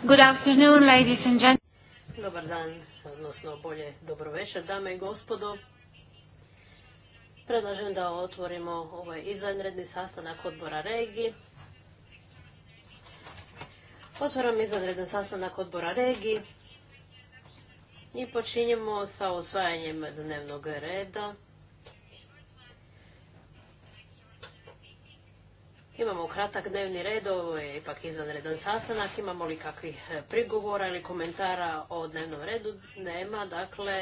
Good afternoon, ladies and Dobar dan, odnosno bolje dobro večer, dame i gospodo. Predlažem da otvorimo ovaj izvanredni sastanak odbora regiji. Otvaram izvanredni sastanak odbora regiji i počinjemo sa osvajanjem dnevnog reda. Imamo kratak dnevni red, ovo je ipak izvanredan sastanak. Imamo li kakvih e, prigovora ili komentara o dnevnom redu? Nema, dakle,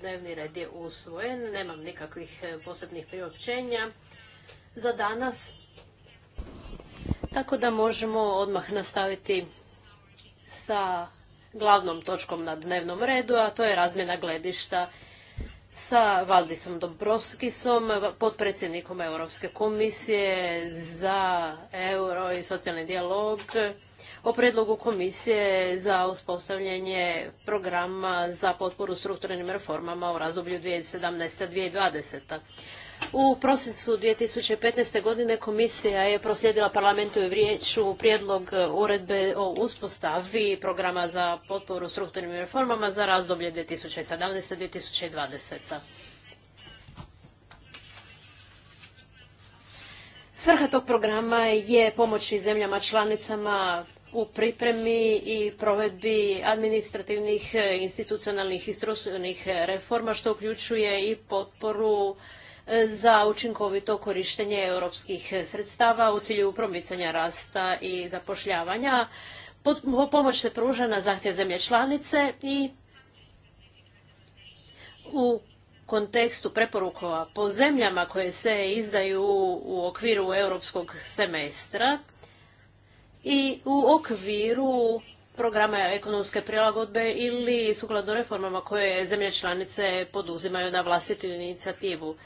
dnevni red je usvojen, nemam nikakvih e, posebnih priopćenja za danas. Tako da možemo odmah nastaviti sa glavnom točkom na dnevnom redu, a to je razmjena gledišta sa Valdisom Dobrovskisom, potpredsjednikom Europske komisije za euro i socijalni dijalog, o predlogu komisije za uspostavljanje programa za potporu strukturnim reformama u razdoblju 2017-2020. U prosincu 2015. godine komisija je proslijedila parlamentu i vijeću prijedlog e, uredbe o uspostavi programa za potporu strukturnim reformama za razdoblje 2017-2020. Svrha tog programa je pomoći zemljama članicama u pripremi i provedbi administrativnih, e, institucionalnih i strukturnih reforma, što uključuje i potporu E, za učinkovito korištenje europskih sredstava u cilju promicanja rasta i zapošljavanja. Pomoć se pruža na zahtjev zemlje članice i u kontekstu preporukova po zemljama koje se izdaju u okviru europskog semestra i u okviru programa ekonomske prilagodbe ili sukladno reformama koje zemlje članice poduzimaju na vlastitu inicijativu.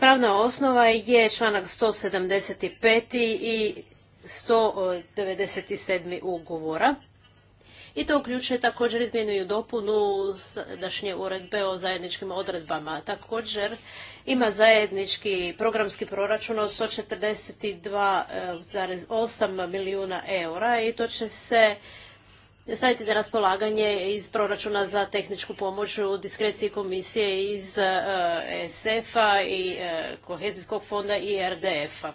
Pravna osnova je članak 175. i 197. ugovora. I to uključuje također izmjenu i dopunu sadašnje uredbe o zajedničkim odredbama. Također ima zajednički programski proračun od 142,8 eh, milijuna eura i to će se Stavite raspolaganje iz proračuna za tehničku pomoć u diskreciji komisije iz e, e, SF-a i e, Kohezijskog fonda i RDF-a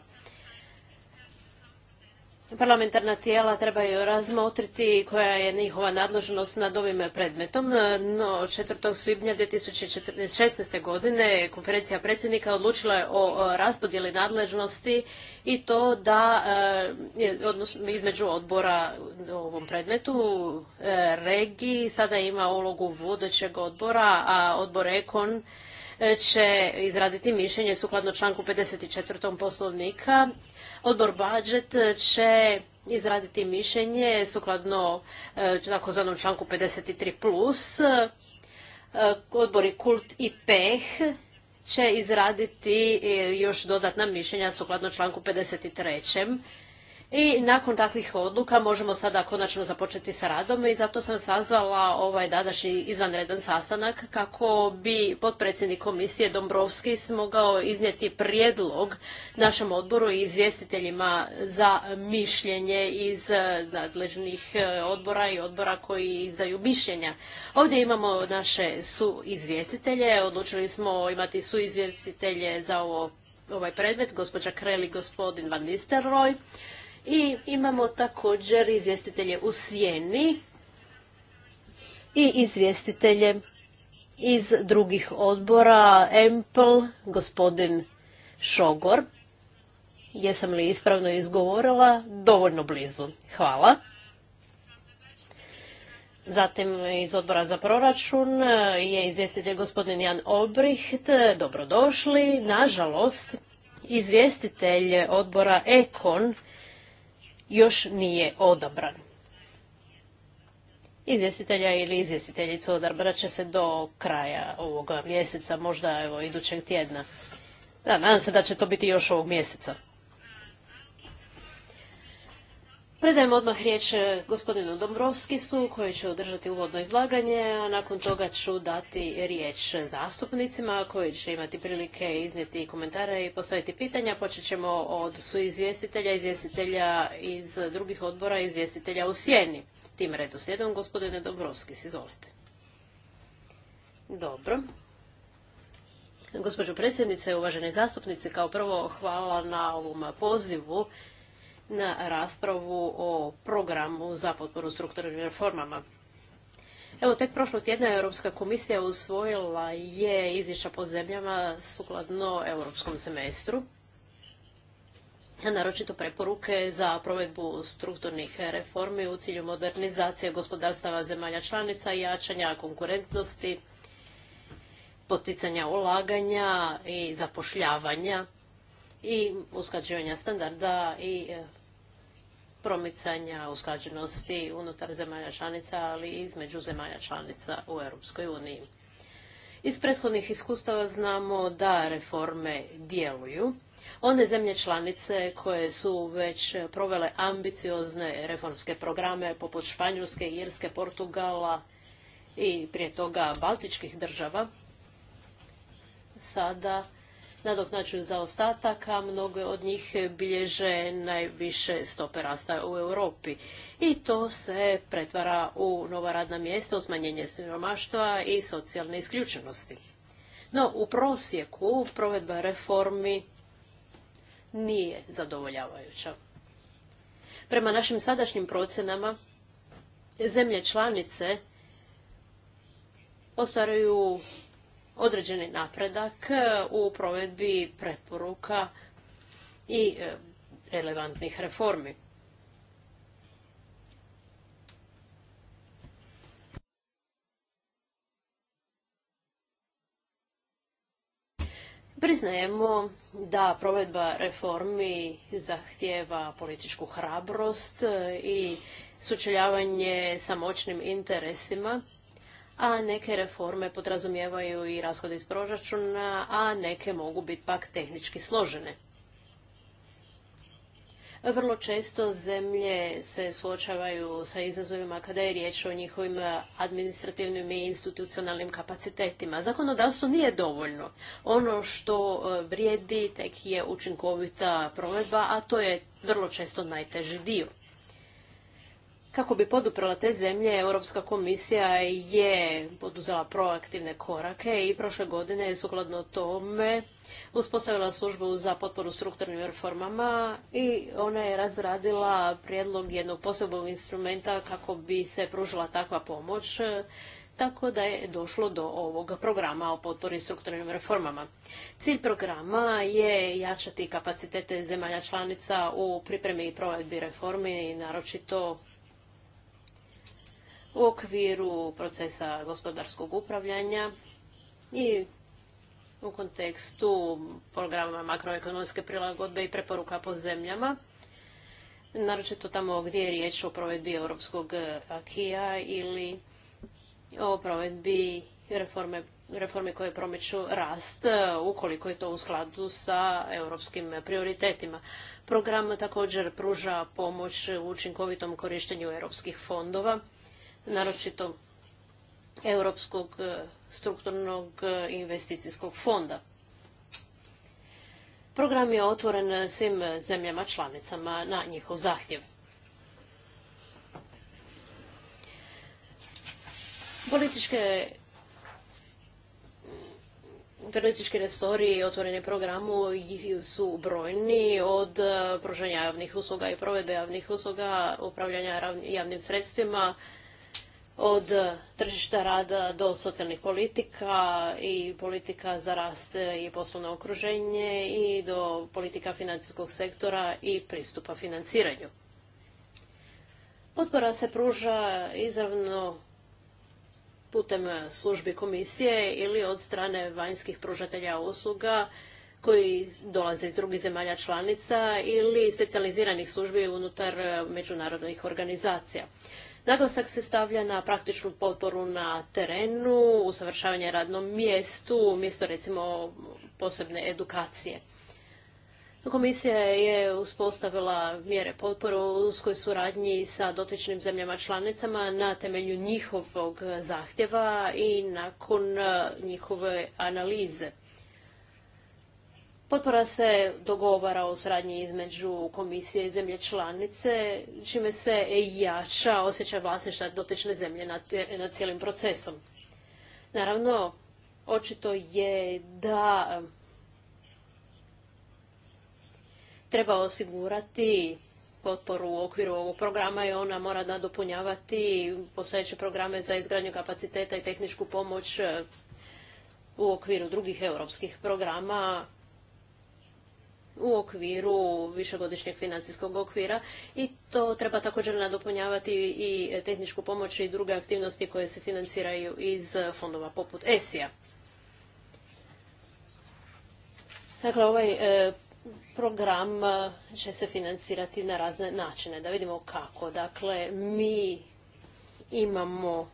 parlamentarna tijela trebaju razmotriti koja je njihova nadležnost nad ovim predmetom, no 4. svibnja 2016. godine konferencija predsjednika odlučila je o raspodjeli nadležnosti i to da e, između odbora u ovom predmetu e, regiji sada ima ulogu vodećeg odbora, a odbor Ekon će izraditi mišljenje sukladno članku 54. poslovnika. Odbor budžet će izraditi mišljenje sukladno e, takozvanom članku 53+. Plus. E, Odbori Kult i PEH će izraditi e, još dodatna mišljenja sukladno članku 53. I nakon takvih odluka možemo sada konačno započeti sa radom i zato sam sazvala ovaj današnji izvanredan sastanak kako bi potpredsjednik komisije Dombrovski smogao iznijeti prijedlog našem odboru i izvjestiteljima za mišljenje iz e, nadležnih e, odbora i odbora koji izdaju mišljenja. Ovdje imamo naše suizvjestitelje, odlučili smo imati suizvjestitelje za ovaj predmet, gospođa Kreli, gospodin Van Nistelrooy. I imamo također izvjestitelje u sjeni i izvjestitelje iz drugih odbora, Empl, gospodin Šogor. Jesam li ispravno izgovorila? Dovoljno blizu. Hvala. Zatim iz odbora za proračun je izvjestitelj gospodin Jan Obricht. Dobrodošli. Nažalost, izvjestitelj odbora Ekon još nije odabran. Izvjestitelja ili izvjestiteljicu odabrat će se do kraja ovoga mjeseca, možda evo idućeg tjedna. Da, nadam se da će to biti još ovog mjeseca. Predajem odmah riječ e, gospodinu Dombrovskisu koji će održati uvodno izlaganje, a nakon toga ću dati riječ zastupnicima koji će imati prilike iznijeti komentare i postaviti pitanja. Počet ćemo od suizvjestitelja, izvjestitelja iz drugih odbora, izvjestitelja u sjeni. Tim redoslijedom, gospodine Dombrovskis, izvolite. Dobro. Gospođo predsjednice, uvaženi zastupnici, kao prvo hvala na ovom pozivu na raspravu o programu za potporu strukturnim reformama. Evo, tek prošlog tjedna Europska komisija usvojila je izvješća po zemljama sukladno europskom semestru, naročito preporuke za provedbu strukturnih reformi u cilju modernizacije gospodarstava zemalja članica, jačanja konkurentnosti, poticanja ulaganja i zapošljavanja i usklađivanja standarda i e, promicanja usklađenosti unutar zemalja članica, ali i između zemalja članica u Europskoj uniji. Iz prethodnih iskustava znamo da reforme djeluju. One zemlje članice koje su već provele ambiciozne reformske programe poput Španjolske, Irske, Portugala i prije toga Baltičkih država, sada nadoknađuju zaostatak, a mnoge od njih bilježe najviše stope rasta u Europi. I to se pretvara u nova radna mjesta, u smanjenje siromaštva i socijalne isključenosti. No, u prosjeku provedba reformi nije zadovoljavajuća. Prema našim sadašnjim procjenama, zemlje članice ostvaruju određeni napredak e, u provedbi preporuka i e, relevantnih reformi. Priznajemo da provedba reformi zahtjeva političku hrabrost e, i sučeljavanje sa moćnim interesima a neke reforme podrazumijevaju i rashode iz proračuna, a neke mogu biti pak tehnički složene. Vrlo često zemlje se suočavaju sa izazovima kada je riječ o njihovim administrativnim i institucionalnim kapacitetima. Zakonodavstvo nije dovoljno. Ono što e, vrijedi tek je učinkovita provedba, a to je vrlo često najteži dio. Kako bi poduprla te zemlje, Europska komisija je poduzela proaktivne korake i prošle godine je sukladno tome uspostavila službu za potporu strukturnim reformama i ona je razradila prijedlog jednog posebnog instrumenta kako bi se pružila takva pomoć, tako da je došlo do ovog programa o potpori strukturnim reformama. Cilj programa je jačati kapacitete zemalja članica u pripremi i provedbi reformi, naročito u okviru procesa gospodarskog upravljanja i u kontekstu programa makroekonomske prilagodbe i preporuka po zemljama, naročito tamo gdje je riječ o provedbi europskog e, akija ili o provedbi reforme, reforme koje promiču rast, e, ukoliko je to u skladu sa europskim prioritetima. Program također pruža pomoć učinkovitom korištenju europskih fondova naročito Europskog e, strukturnog e, investicijskog fonda. Program je otvoren svim zemljama članicama na njihov zahtjev. Političke Politički resori otvoreni programu su brojni od e, pružanja javnih usluga i provedbe javnih usluga, upravljanja javnim sredstvima, od eh, tržišta rada do socijalnih politika i politika za rast eh, i poslovno okruženje i do politika financijskog sektora i pristupa financiranju. Potpora se pruža izravno putem eh, službi komisije ili od strane vanjskih pružatelja usluga koji dolaze iz drugih zemalja članica ili specijaliziranih službi unutar međunarodnih organizacija. Naglasak se stavlja na praktičnu potporu na terenu, usavršavanje radnom mjestu, mjesto recimo posebne edukacije. Komisija je uspostavila mjere potporu u uskoj suradnji sa dotičnim zemljama članicama na temelju njihovog zahtjeva i nakon njihove analize. Potpora se dogovara o suradnji između komisije i zemlje članice, čime se jača osjećaj vlasništva dotične zemlje nad, cijelim procesom. Naravno, očito je da treba osigurati potporu u okviru ovog programa i ona mora nadopunjavati postojeće programe za izgradnju kapaciteta i tehničku pomoć u okviru drugih europskih programa u okviru višegodišnjeg financijskog okvira i to treba također nadopunjavati i tehničku pomoć i druge aktivnosti koje se financiraju iz fondova poput ESI-a. Dakle, ovaj e, program e, će se financirati na razne načine. Da vidimo kako. Dakle, mi imamo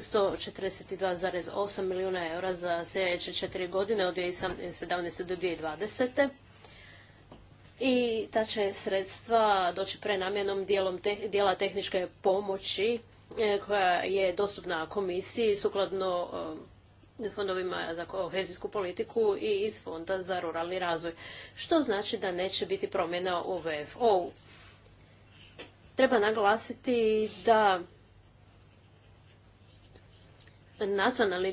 142,8 milijuna eura za sljedeće četiri godine od 2017. do 2020. I ta će sredstva doći prenamjenom dijelom dijela tehničke pomoći e, koja je dostupna komisiji sukladno e, fondovima za kohezijsku politiku i iz Fonda za ruralni razvoj, što znači da neće biti promjena u vfo Treba naglasiti da Nacionalni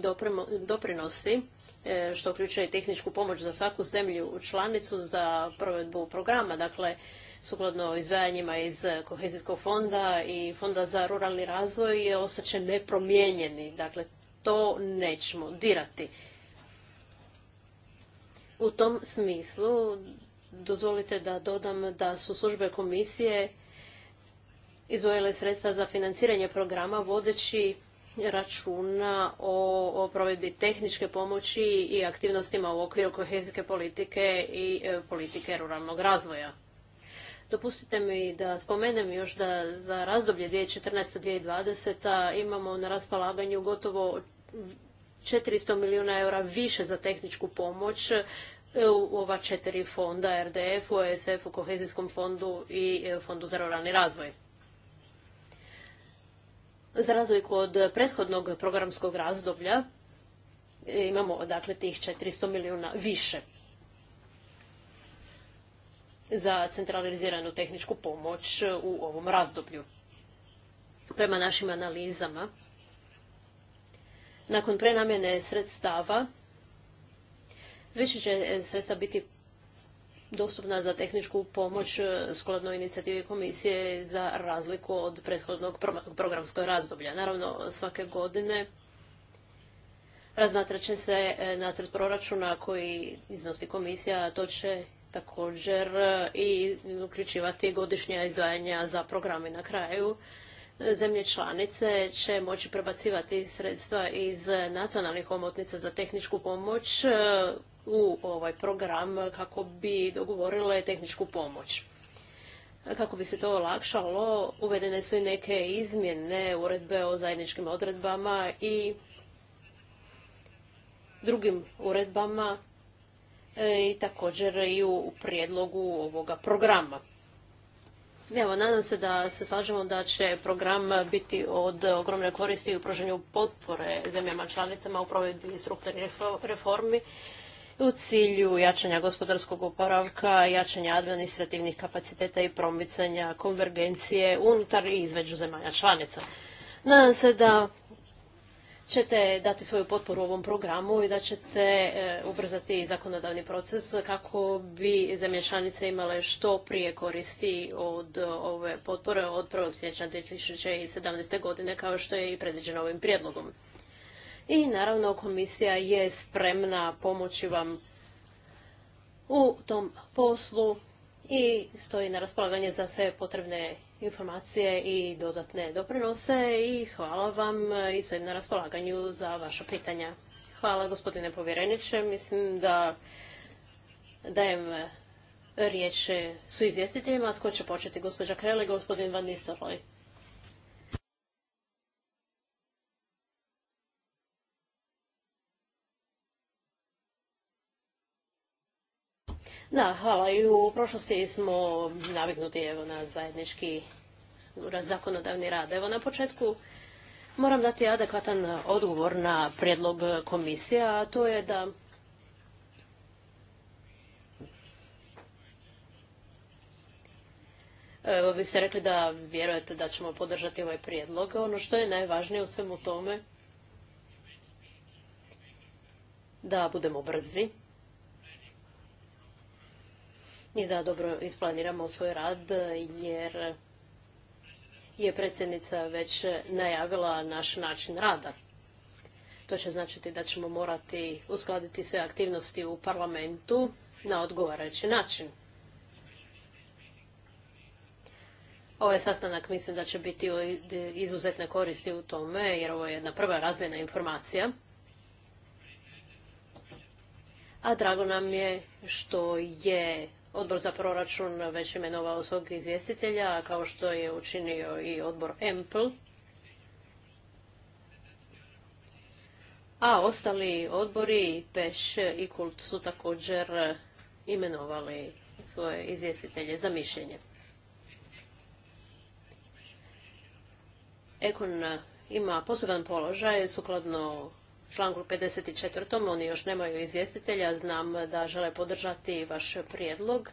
doprinosi, e, što uključuje i tehničku pomoć za svaku zemlju članicu za provedbu programa, dakle sukladno izvajanjima iz Kohezijskog fonda i Fonda za ruralni razvoj, je ostaće nepromijenjeni. Dakle, to nećemo dirati. U tom smislu, dozvolite da dodam da su službe komisije izvojile sredstva za financiranje programa vodeći računa o provedbi tehničke pomoći i aktivnostima u okviru kohezijske politike i e, politike ruralnog razvoja. Dopustite mi da spomenem još da za razdoblje 2014-2020 imamo na raspolaganju gotovo 400 milijuna eura više za tehničku pomoć e, u ova četiri fonda RDF, OSF e u Kohezijskom fondu i Fondu za ruralni razvoj. Za razliku od prethodnog programskog razdoblja imamo odakle tih 400 milijuna više za centraliziranu tehničku pomoć u ovom razdoblju. Prema našim analizama, nakon prenamjene sredstava više će sredstva biti dostupna za tehničku pomoć e, skladno inicijativi komisije za razliku od prethodnog programskog razdoblja. Naravno, svake godine razmatrat će se e, nacrt proračuna koji iznosi komisija, to će također e, i uključivati godišnja izdvajanja za programe na kraju. Zemlje članice će moći prebacivati sredstva iz nacionalnih omotnica za tehničku pomoć u ovaj program kako bi dogovorile tehničku pomoć. Kako bi se to olakšalo, uvedene su i neke izmjene uredbe o zajedničkim odredbama i drugim uredbama e, i također i u prijedlogu ovoga programa. Evo, nadam se da se slažemo da će program biti od ogromne koristi u pružanju potpore zemljama članicama u provedbi strukturnih reformi u cilju jačanja gospodarskog oporavka, jačanja administrativnih kapaciteta i promicanja konvergencije unutar i između zemalja članica. Nadam se da ćete dati svoju potporu ovom programu i da ćete e, ubrzati zakonodavni proces kako bi zemlje članice imale što prije koristi od ove potpore od 1. siječnja 2017. godine kao što je i predviđeno ovim prijedlogom. I naravno komisija je spremna pomoći vam u tom poslu i stoji na raspolaganje za sve potrebne informacije i dodatne doprinose i hvala vam i sve na raspolaganju za vaša pitanja. Hvala gospodine povjereniče, mislim da dajem riječ su izvjestiteljima, tko će početi, gospođa Krele, gospodin Van Nistelrooy. Da, hvala. I u prošlosti smo naviknuti evo, na zajednički zakonodavni rad. Evo na početku moram dati adekvatan odgovor na prijedlog komisije, a to je da Evo, vi ste rekli da vjerujete da ćemo podržati ovaj prijedlog. Ono što je najvažnije u svemu tome, da budemo brzi, i da dobro isplaniramo svoj rad jer je predsjednica već najavila naš način rada. To će značiti da ćemo morati uskladiti sve aktivnosti u parlamentu na odgovarajući način. Ovaj sastanak mislim da će biti izuzetne koristi u tome, jer ovo je jedna prva razmjena informacija. A drago nam je što je Odbor za proračun već imenovao svog izvjestitelja, kao što je učinio i odbor EMPL. A ostali odbori, PEŠ i KULT, su također imenovali svoje izvjestitelje za mišljenje. Ekon ima poseban položaj sukladno članku 54. Oni još nemaju izvjestitelja. Znam da žele podržati vaš prijedlog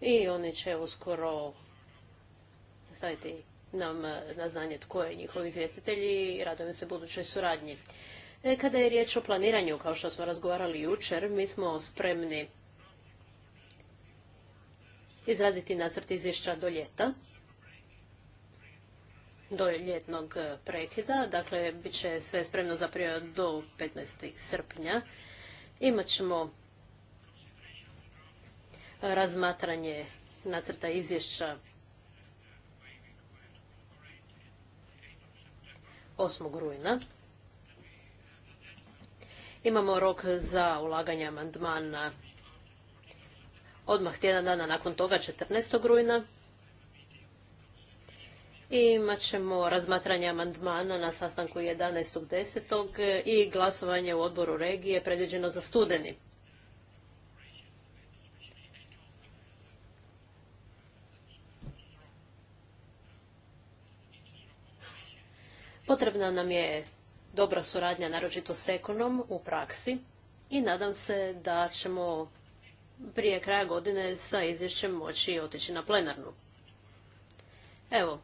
i oni će uskoro staviti nam na znanje tko je njihov izvjestitelj i radujem se budućoj suradnji. E, kada je riječ o planiranju, kao što smo razgovarali jučer, mi smo spremni izraditi nacrt izvješća do ljeta do ljetnog e, prekida, dakle bit će sve spremno za period do 15. srpnja. Imat ćemo razmatranje nacrta izvješća 8. rujna. Imamo rok za ulaganje amandmana odmah tjedan dana nakon toga 14. rujna. I imat ćemo razmatranje amandmana na sastanku 11.10. i glasovanje u odboru regije predviđeno za studeni. Potrebna nam je dobra suradnja, naročito s ekonom, u praksi i nadam se da ćemo prije kraja godine sa izvješćem moći otići na plenarnu. Evo,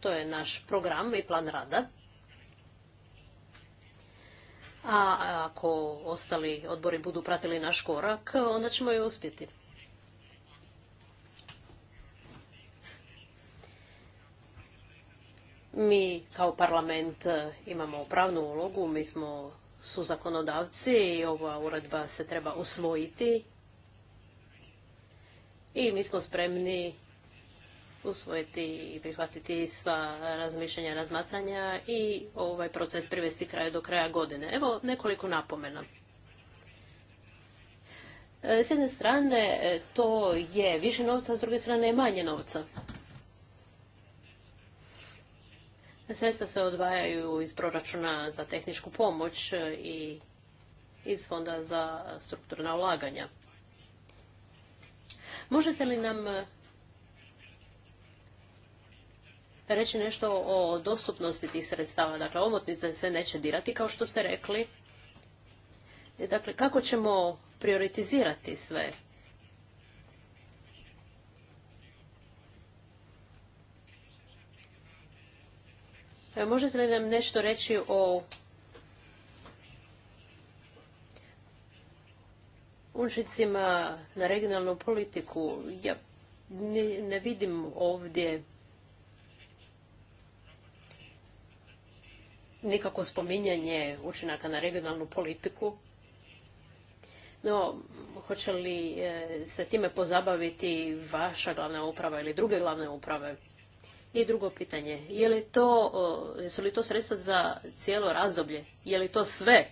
to je naš program i plan rada. A ako ostali odbori budu pratili naš korak, onda ćemo je uspjeti. Mi kao parlament e, imamo pravnu ulogu, mi smo su zakonodavci i ova uredba se treba usvojiti. I mi smo spremni usvojiti i prihvatiti sva razmišljanja, razmatranja i ovaj proces privesti kraju do kraja godine. Evo nekoliko napomena. E, s jedne strane e, to je više novca, s druge strane je manje novca. Sredstva se odvajaju iz proračuna za tehničku pomoć e, i iz Fonda za strukturna ulaganja. Možete li nam reći nešto o dostupnosti tih sredstava. Dakle, omotnice se neće dirati, kao što ste rekli. E, dakle, kako ćemo prioritizirati sve? E, možete li nam nešto reći o učincima na regionalnu politiku? Ja ne vidim ovdje nikako spominjanje učinaka na regionalnu politiku. No, hoće li e, se time pozabaviti vaša glavna uprava ili druge glavne uprave? I drugo pitanje, je li to, jesu li to sredstva za cijelo razdoblje? Je li to sve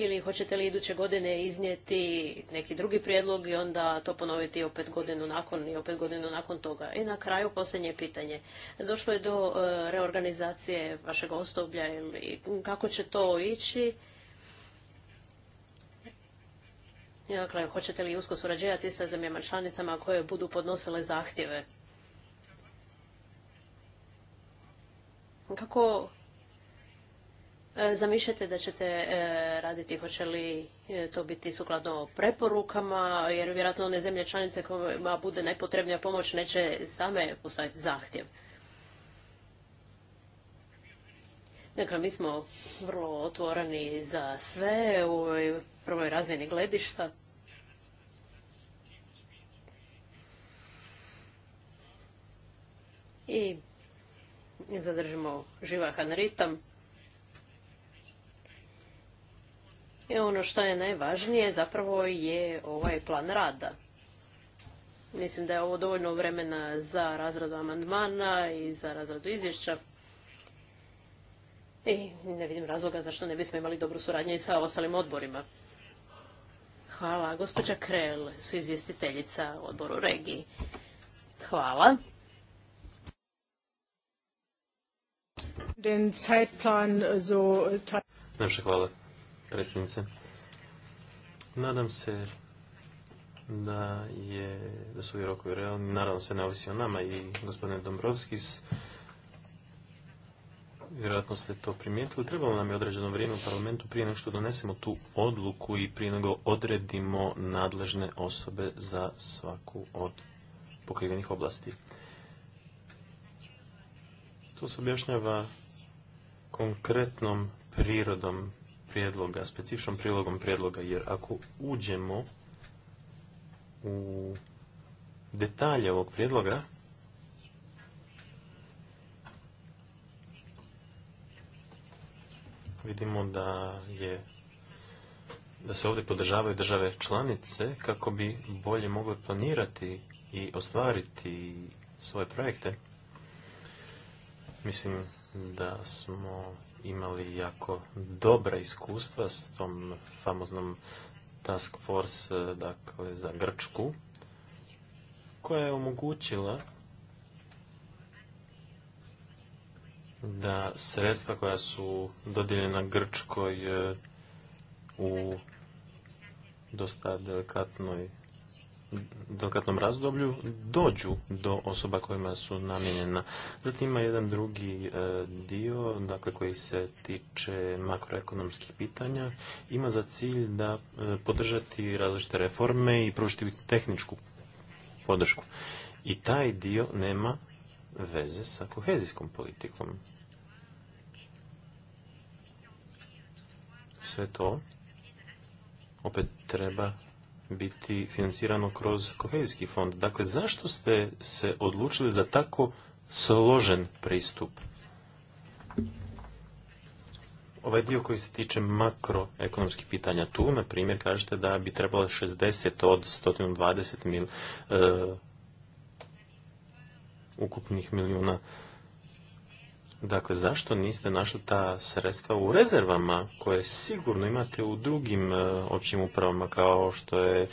ili hoćete li iduće godine iznijeti neki drugi prijedlog i onda to ponoviti opet godinu nakon i opet godinu nakon toga? I na kraju posljednje pitanje. Došlo je do e, reorganizacije vašeg osoblja ili kako će to ići? Dakle, hoćete li usko surađivati sa zemljama članicama koje budu podnosile zahtjeve? Kako E, zamišljate da ćete e, raditi, hoće li e, to biti sukladno preporukama, jer vjerojatno one zemlje članice kojima bude najpotrebnija pomoć neće same postaviti zahtjev. Dakle, mi smo vrlo otvoreni za sve u ovoj prvoj razmjeni gledišta. I zadržimo živahan ritam. I ono što je najvažnije zapravo je ovaj plan rada. Mislim da je ovo dovoljno vremena za razradu amandmana i za razradu izvješća. I ne vidim razloga zašto ne bismo imali dobru suradnju i sa ostalim odborima. Hvala. Gospođa Krel, su izvjestiteljica odboru regiji. Hvala. hvala predsjednice. Nadam se da, je, da su ovi rokovi realni. Naravno se ne ovisi o nama i gospodine Dombrovskis. Vjerojatno ste to primijetili. Trebalo nam je određeno vrijeme u parlamentu prije nego što donesemo tu odluku i prije nego odredimo nadležne osobe za svaku od pokrivenih oblasti. To se objašnjava konkretnom prirodom prijedloga, specifičnom prilogom prijedloga, jer ako uđemo u detalje ovog prijedloga, vidimo da je da se ovdje podržavaju države članice kako bi bolje mogle planirati i ostvariti svoje projekte. Mislim da smo imali jako dobra iskustva s tom famoznom task force e, dakle, za Grčku, koja je omogućila da sredstva koja su dodijeljena Grčkoj e, u dosta delikatnoj delikatnom razdoblju dođu do osoba kojima su namijenjena. Zatim ima jedan drugi e, dio dakle, koji se tiče makroekonomskih pitanja. Ima za cilj da e, podržati različite reforme i pružiti tehničku podršku. I taj dio nema veze sa kohezijskom politikom. Sve to opet treba biti financirano kroz kohezijski fond. Dakle, zašto ste se odlučili za tako složen pristup? Ovaj dio koji se tiče makroekonomskih pitanja tu, na primjer, kažete da bi trebalo 60 od 120 mil, e, ukupnih milijuna Dakle, zašto niste našli ta sredstva u rezervama koje sigurno imate u drugim e, općim upravama kao što je e,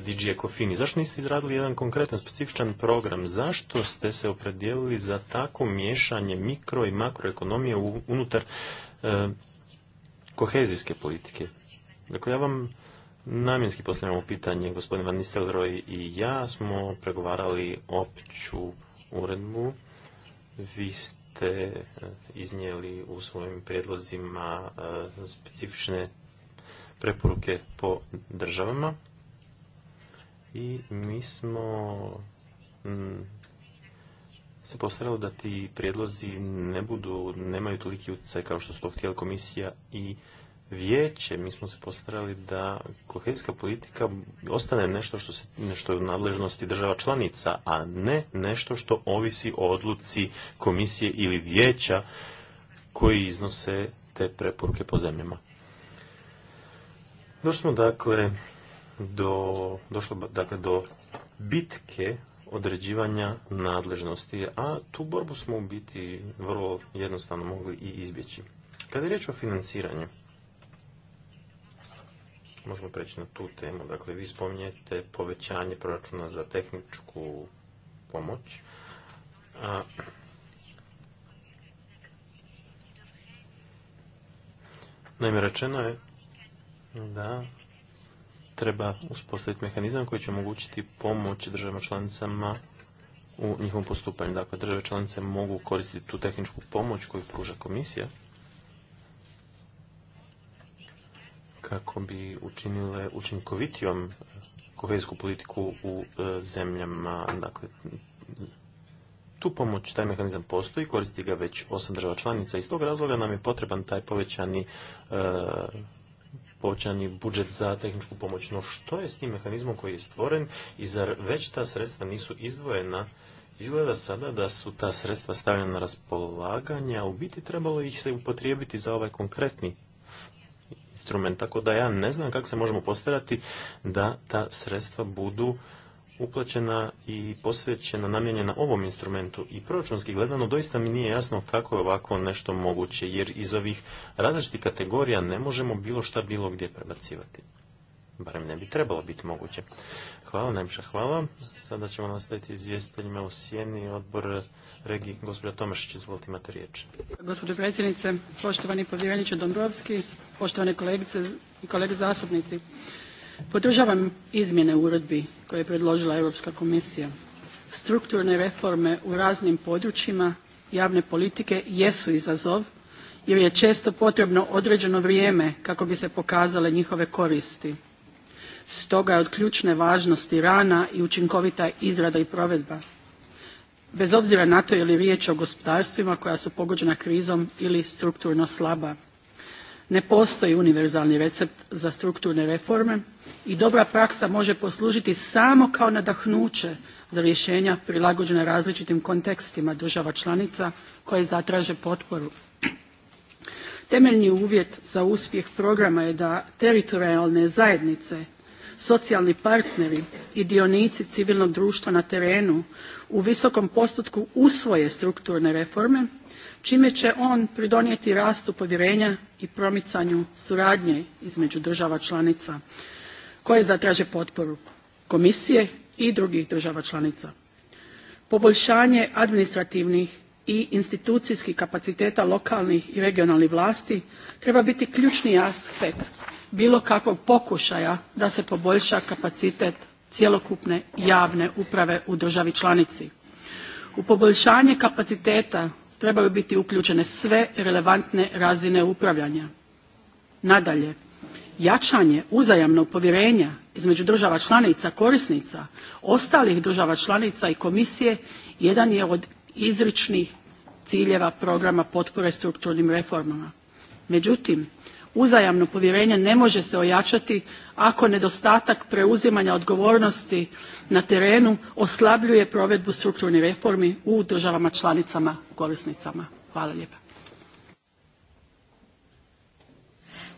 DG Ecofini? Zašto niste izradili jedan konkretan specifičan program? Zašto ste se opredijelili za tako miješanje mikro i makroekonomije unutar e, kohezijske politike? Dakle, ja vam namjenski postavljam pitanje. Gospodin Van Nistelroj i ja smo pregovarali opću uredbu. Vi ste ste e, iznijeli u svojim prijedlozima e, specifične preporuke po državama i mi smo mm, se postarali da ti prijedlozi ne budu, nemaju toliki utjecaj kao što su to htjeli komisija i vijeće, mi smo se postarali da kohezijska politika ostane nešto što, se, nešto je u nadležnosti država članica, a ne nešto što ovisi o odluci komisije ili vijeća koji iznose te preporuke po zemljama. Došli smo dakle do, došlo dakle do bitke određivanja nadležnosti, a tu borbu smo u biti vrlo jednostavno mogli i izbjeći. Kada je riječ o financiranju, možemo preći na tu temu. Dakle, vi spominjete povećanje proračuna za tehničku pomoć. naime, rečeno je da treba uspostaviti mehanizam koji će omogućiti pomoć državama članicama u njihovom postupanju. Dakle, države članice mogu koristiti tu tehničku pomoć koju pruža komisija kako bi učinile učinkovitijom kohezijsku politiku u e, zemljama. Dakle, tu pomoć, taj mehanizam postoji, koristi ga već osam država članica. Iz tog razloga nam je potreban taj povećani e, povećani budžet za tehničku pomoć. No što je s tim mehanizmom koji je stvoren i zar već ta sredstva nisu izdvojena? Izgleda sada da su ta sredstva stavljena na raspolaganje, a u biti trebalo ih se upotrijebiti za ovaj konkretni instrument. Tako da ja ne znam kako se možemo postavljati da ta sredstva budu uplaćena i posvećena, namijenjena ovom instrumentu. I proračunski gledano doista mi nije jasno kako je ovako nešto moguće, jer iz ovih različitih kategorija ne možemo bilo šta bilo gdje prebacivati. Barem ne bi trebalo biti moguće. Hvala, najviše hvala. Sada ćemo nastaviti izvjestiteljima u sjeni odbor regiji. Gospođa Tomašić, izvolite, imate riječ. Gospođo predsjednice, poštovani povjereniče Dombrovski, poštovane kolegice i kolege zastupnici, podržavam izmjene uredbi koje je predložila Europska komisija. Strukturne reforme u raznim područjima javne politike jesu izazov jer je često potrebno određeno vrijeme kako bi se pokazale njihove koristi. Stoga je od ključne važnosti rana i učinkovita izrada i provedba bez obzira na to je li riječ o gospodarstvima koja su pogođena krizom ili strukturno slaba. Ne postoji univerzalni recept za strukturne reforme i dobra praksa može poslužiti samo kao nadahnuće za rješenja prilagođena različitim kontekstima država članica koje zatraže potporu. Temeljni uvjet za uspjeh programa je da teritorijalne zajednice socijalni partneri i dionici civilnog društva na terenu u visokom postotku usvoje strukturne reforme čime će on pridonijeti rastu povjerenja i promicanju suradnje između država članica koje zatraže potporu komisije i drugih država članica. Poboljšanje administrativnih i institucijskih kapaciteta lokalnih i regionalnih vlasti treba biti ključni aspekt bilo kakvog pokušaja da se poboljša kapacitet cjelokupne javne uprave u državi članici. U poboljšanje kapaciteta trebaju biti uključene sve relevantne razine upravljanja. Nadalje, jačanje uzajamnog povjerenja između država članica korisnica, ostalih država članica i komisije jedan je od izričnih ciljeva programa potpore strukturnim reformama. Međutim, uzajamno povjerenje ne može se ojačati ako nedostatak preuzimanja odgovornosti na terenu oslabljuje provedbu strukturnih reformi u državama članicama korisnicama. Hvala lijepa.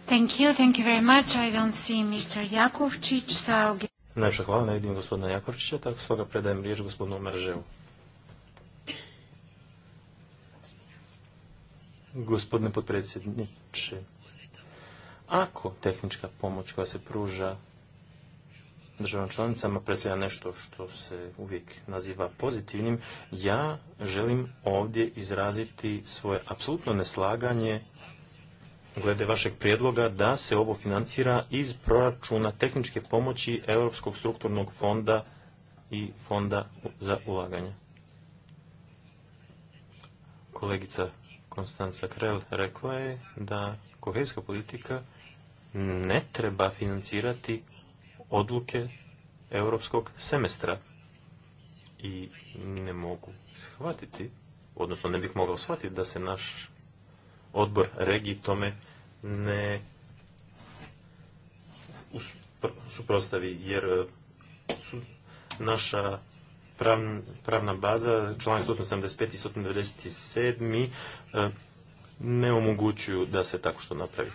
Thank you, thank you very much. I don't see Mr. Jakovčić, so I'll give... Najpša hvala, ne vidim gospodina Jakovčića, tako svoga predajem riječ gospodinu Marževu. Gospodine potpredsjedniče, ako tehnička pomoć koja se pruža državama članicama predstavlja nešto što se uvijek naziva pozitivnim, ja želim ovdje izraziti svoje apsolutno neslaganje glede vašeg prijedloga da se ovo financira iz proračuna tehničke pomoći Europskog strukturnog fonda i fonda za ulaganje. Kolegica Konstanca Krell rekla je da kohezijska politika ne treba financirati odluke europskog semestra. I ne mogu shvatiti, odnosno ne bih mogao shvatiti da se naš odbor regi tome ne suprostavi, jer su naša pravna baza, članak 175 i 197, eh, ne omogućuju da se tako što napravi.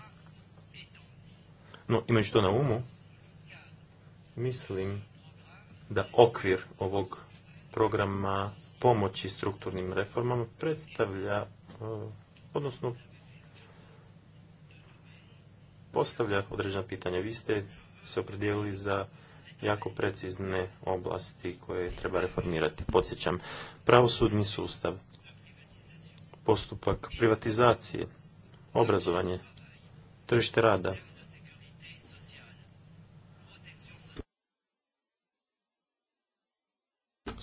No, imajući to na umu, mislim da okvir ovog programa pomoći strukturnim reformama predstavlja, e, odnosno postavlja određena pitanja. Vi ste se opredijelili za jako precizne oblasti koje treba reformirati. Podsjećam, pravosudni sustav, postupak privatizacije, obrazovanje, tržište rada,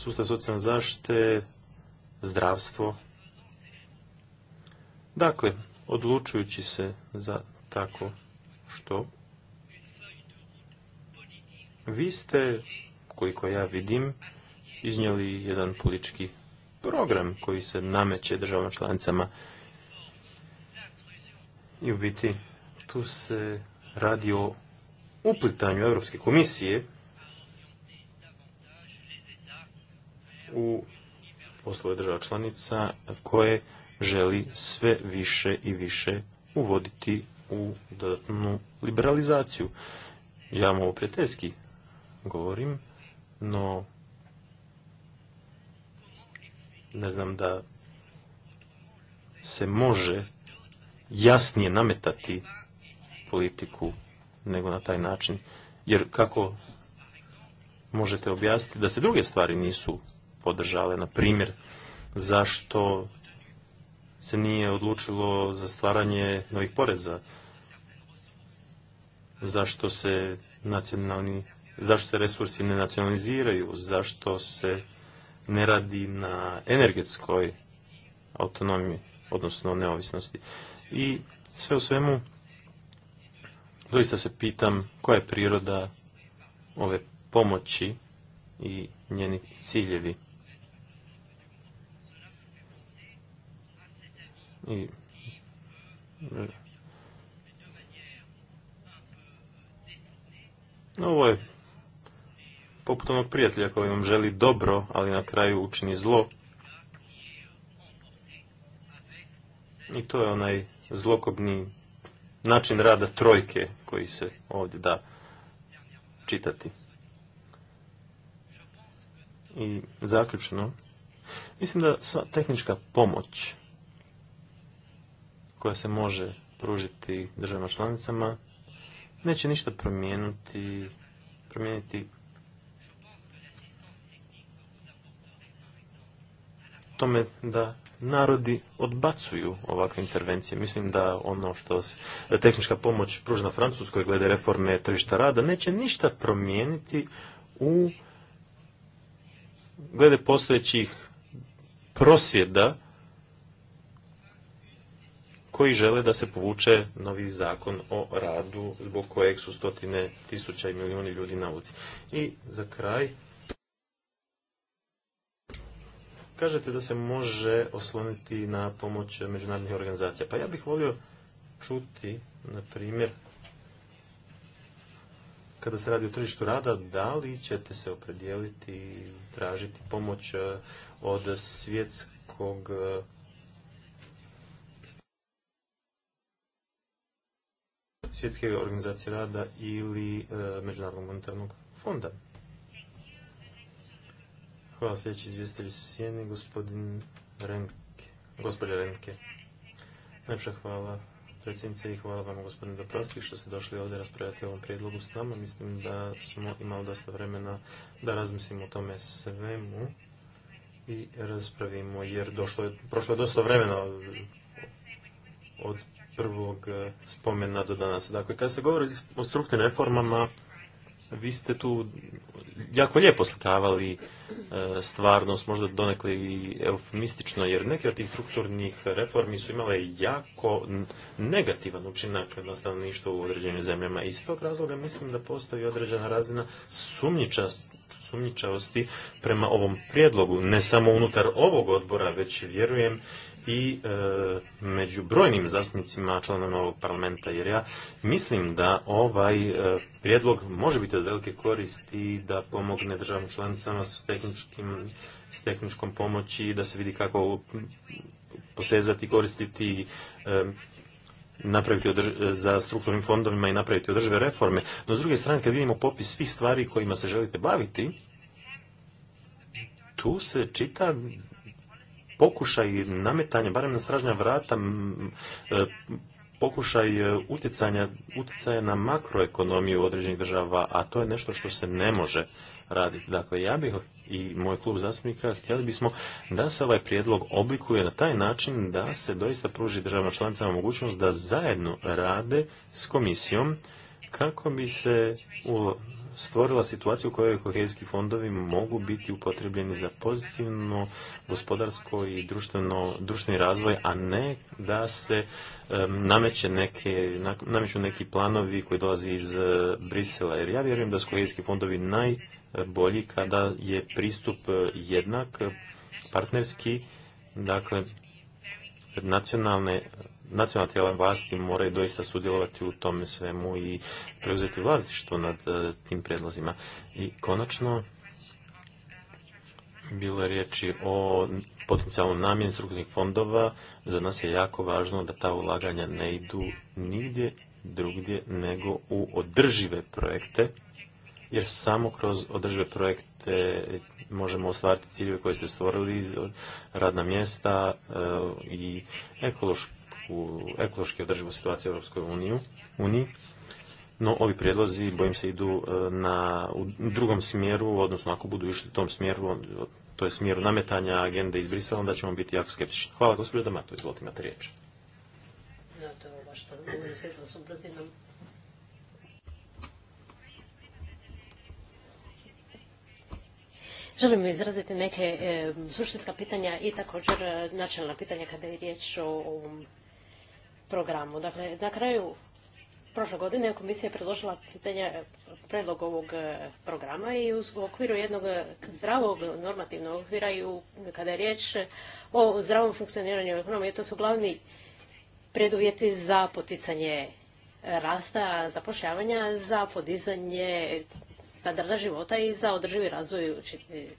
sustav socijalne zaštite, zdravstvo. Dakle, odlučujući se za tako što, vi ste, koliko ja vidim, iznijeli jedan politički program koji se nameće državama članicama i u biti tu se radi o uplitanju Europske komisije u poslove država članica koje želi sve više i više uvoditi u dodatnu liberalizaciju. Ja vam ovo prijateljski govorim, no ne znam da se može jasnije nametati politiku nego na taj način. Jer kako možete objasniti da se druge stvari nisu podržale. Na primjer, zašto se nije odlučilo za stvaranje novih poreza? Zašto se nacionalni, zašto se resursi ne nacionaliziraju? Zašto se ne radi na energetskoj autonomiji, odnosno neovisnosti? I sve u svemu, doista se pitam koja je priroda ove pomoći i njeni ciljevi. i ovo je poput onog prijatelja koji nam želi dobro, ali na kraju učini zlo. I to je onaj zlokobni način rada trojke koji se ovdje da čitati. I zaključno, mislim da sva tehnička pomoć koja se može pružiti državama članicama neće ništa promijeniti, promijeniti tome da narodi odbacuju ovakve intervencije. Mislim da ono što se, tehnička pomoć pružena Francuskoj glede reforme tržišta rada neće ništa promijeniti u glede postojećih prosvjeda koji žele da se povuče novi zakon o radu zbog kojeg su stotine tisuća i milijuni ljudi na ulici. I za kraj, kažete da se može osloniti na pomoć međunarodnih organizacija. Pa ja bih volio čuti, na primjer, kada se radi o tržištu rada, da li ćete se opredijeliti i tražiti pomoć eh, od svjetskog eh, svjetske organizacije rada ili e, Međunarodnog monetarnog fonda. Hvala sljedeći izvjestitelj Sijeni, gospodin Renke, gospođa Renke. Najpša hvala predsjednice i hvala vam gospodine Dobrovski što ste došli ovdje raspravljati o ovom prijedlogu s nama. Mislim da smo imali dosta vremena da razmislimo o tome svemu i raspravimo jer prošlo je dosta vremena od prvog eh, spomena do danas. Dakle, kada se govori o strukturnim reformama, vi ste tu jako lijepo slikavali eh, stvarnost, možda donekle i eufemistično, jer neke od tih strukturnih reformi su imale jako negativan učinak na stanovništvo u određenim zemljama. Iz tog razloga mislim da postoji određena razina sumnjičavosti prema ovom prijedlogu, ne samo unutar ovog odbora, već vjerujem i e, među brojnim zastupnicima članovima ovog parlamenta jer ja mislim da ovaj e, prijedlog može biti od velike koristi da pomogne državnim članicama s, tehničkim, s tehničkom pomoći da se vidi kako posezati, koristiti e, napraviti održ za strukturnim fondovima i napraviti održive reforme. No, s druge strane, kad vidimo popis svih stvari kojima se želite baviti, tu se čita pokušaj nametanja, barem na stražnja vrata, e, pokušaj e, utjecanja, utjecaja na makroekonomiju određenih država, a to je nešto što se ne može raditi. Dakle, ja bih i moj klub zastupnika htjeli bismo da se ovaj prijedlog oblikuje na taj način da se doista pruži državama članicama mogućnost da zajedno rade s komisijom kako bi se stvorila situaciju u kojoj kohezijski fondovi mogu biti upotrebljeni za pozitivno gospodarsko i društveno, društveni razvoj, a ne da se nameće nameću neki planovi koji dolazi iz e, Brisela. Jer ja vjerujem da su kohezijski fondovi najbolji kada je pristup e, jednak, partnerski, dakle nacionalne nacionalna tijela vlasti moraju doista sudjelovati u tome svemu i preuzeti vlasništvo nad e, tim predlozima. I konačno, bilo je riječi o potencijalnom namjeni strukturnih fondova. Za nas je jako važno da ta ulaganja ne idu nigdje drugdje nego u održive projekte, jer samo kroz održive projekte možemo ostvariti ciljeve koje ste stvorili, radna mjesta e, i ekološku u ekološki održivu situaciju u Europskoj uniji. No, ovi prijedlozi, bojim se, idu e, na, u drugom smjeru, odnosno ako budu išli u tom smjeru, to je smjeru nametanja agende iz Brisa, onda ćemo biti jako skeptični. Hvala, gospođo Damato, izvolite, imate riječ. Želim izraziti neke e, suštinska pitanja i također e, načelna pitanja kada je riječ o programu. Dakle, na kraju prošle godine komisija je predložila pitanje e, predlog ovog e, programa i u okviru jednog e, zdravog normativnog okvira i kada je riječ o zdravom funkcioniranju ekonomije, to su glavni preduvjeti za poticanje rasta zapošljavanja, za podizanje standarda života i za održivi razvoj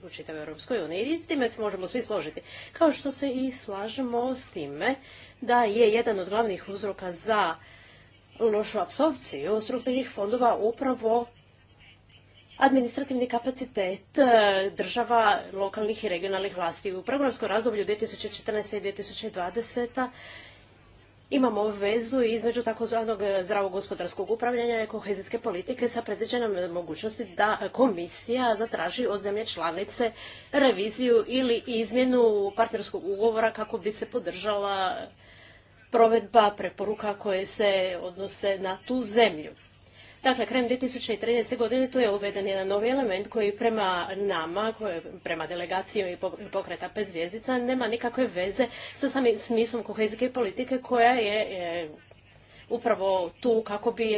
u čitavoj Europskoj uniji. I s time se možemo svi složiti. Kao što se i slažemo s time da je jedan od glavnih uzroka za lošu apsorpciju strukturnih fondova upravo administrativni kapacitet e, država, lokalnih i regionalnih vlasti. U programskom razdoblju 2014. i 2020. imamo vezu između takozvanog zdravog gospodarskog upravljanja i kohezijske politike sa predviđenom mogućnosti da komisija zatraži od zemlje članice reviziju ili izmjenu partnerskog ugovora kako bi se podržala provedba preporuka koje se odnose na tu zemlju. Dakle, krajem 2013. godine tu je uveden jedan novi element koji prema nama, koji prema i pokreta pet zvijezdica, nema nikakve veze sa samim smislom kohezijske politike koja je e, upravo tu kako bi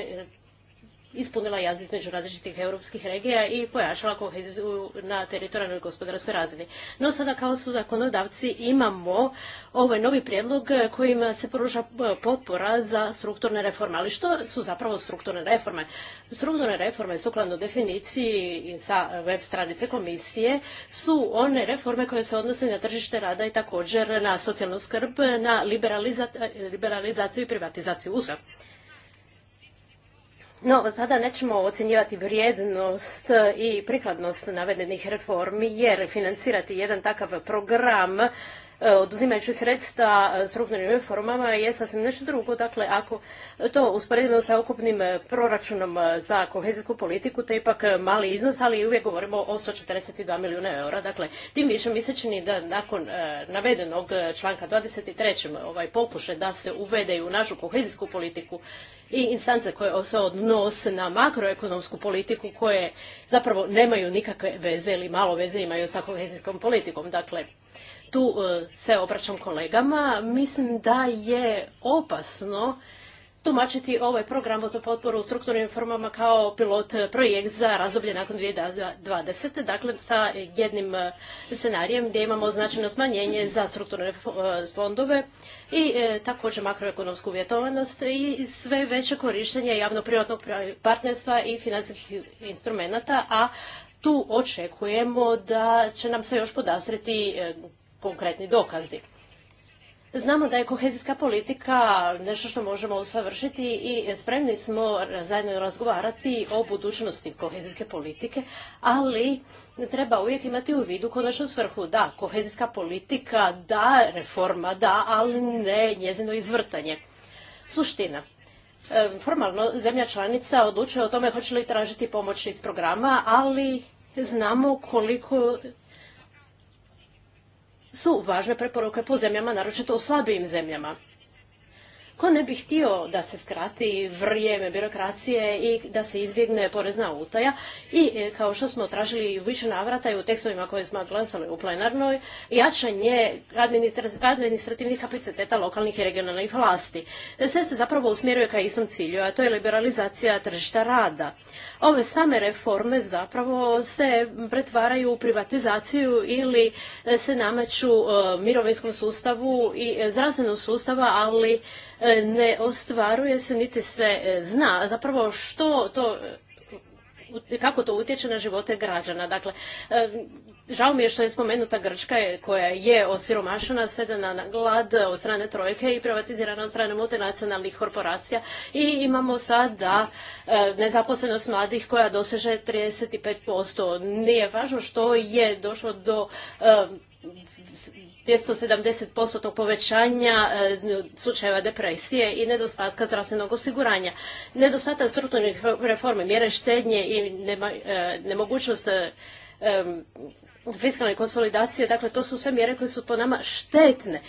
ispunila jaz između različitih europskih regija i pojačala koheziju na teritorijalnoj gospodarskoj razini. No sada kao su zakonodavci imamo ovaj novi prijedlog kojim se pruža potpora za strukturne reforme. Ali što su zapravo strukturne reforme? Strukturne reforme, sukladno definiciji sa web stranice komisije, su one reforme koje se odnose na tržište rada i također na socijalnu skrb, na liberalizaciju i privatizaciju usluga. No, sada nećemo ocjenjivati vrijednost e, i prikladnost navedenih reformi, jer financirati jedan takav program E, oduzimajući sredstva e, strukturnim reformama je sasvim nešto drugo. Dakle, ako to usporedimo sa ukupnim e, proračunom za kohezijsku politiku, to je ipak mali iznos, ali uvijek govorimo o 142 milijuna eura. Dakle, tim više mi se čini da nakon navedenog članka 23. ovaj pokušaj da se uvede u našu kohezijsku politiku i instance koje se odnose na makroekonomsku politiku koje zapravo nemaju nikakve veze ili malo veze imaju sa kohezijskom politikom. Dakle, tu e, se obraćam kolegama, mislim da je opasno tumačiti ovaj program za potporu u strukturnim formama kao pilot projekt za razdoblje nakon 2020. Dakle, sa jednim e, scenarijem gdje imamo značajno smanjenje za strukturne e, fondove i također makroekonomsku uvjetovanost i sve veće korištenje javno-privatnog partnerstva i financijskih instrumenata, a tu očekujemo da će nam se još podasreti konkretni dokazi. Znamo da je kohezijska politika nešto što možemo usavršiti i spremni smo zajedno razgovarati o budućnosti kohezijske politike, ali treba uvijek imati u vidu konačnu svrhu. Da, kohezijska politika, da, reforma, da, ali ne njezino izvrtanje. Suština. E, formalno zemlja članica odlučuje o tome hoće li tražiti pomoć iz programa, ali znamo koliko su važne preporuke po zemljama, naročito u slabijim zemljama. Ko ne bi htio da se skrati vrijeme birokracije i da se izbjegne porezna utaja i e, kao što smo tražili u više navrata i u tekstovima koje smo glasali u plenarnoj, jačanje administrativnih kapaciteta lokalnih i regionalnih vlasti. E, sve se zapravo usmjeruje ka istom cilju, a to je liberalizacija tržišta rada ove same reforme zapravo se pretvaraju u privatizaciju ili e, se nameću e, mirovinskom sustavu i e, zdravstvenom sustavu, ali ne ostvaruje se niti se zna zapravo što to kako to utječe na živote građana. Dakle, žao mi je što je spomenuta Grčka koja je osiromašena, sedena na glad od strane trojke i privatizirana od strane multinacionalnih korporacija i imamo sada e, nezaposlenost mladih koja doseže 35%. Nije važno što je došlo do 270% povećanja e, slučajeva depresije i nedostatka zdravstvenog osiguranja. Nedostatak strukturnih reformi, mjere štednje i e, nemogućnost e, fiskalne konsolidacije, dakle to su sve mjere koje su po nama štetne.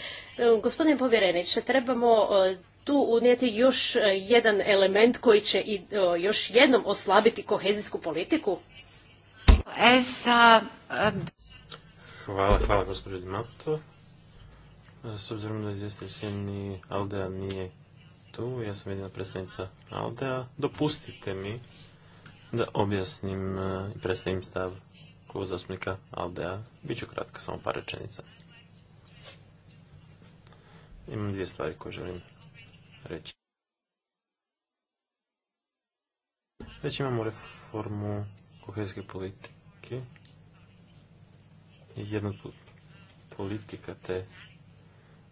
Gospodine povjereniče, trebamo tu unijeti još jedan element koji će još jednom oslabiti kohezijsku politiku? Hvala, hvala gospođo Dimato. S obzirom da izvjestitelj Sjeni Aldea nije tu, ja sam jedina predstavnica Aldea, dopustite mi da objasnim e, i predstavim stav kluba zastupnika Aldea. Biću kratka, samo par rečenica. Imam dvije stvari koje želim reći. Već imamo reformu kohezijske politike jedna od politika te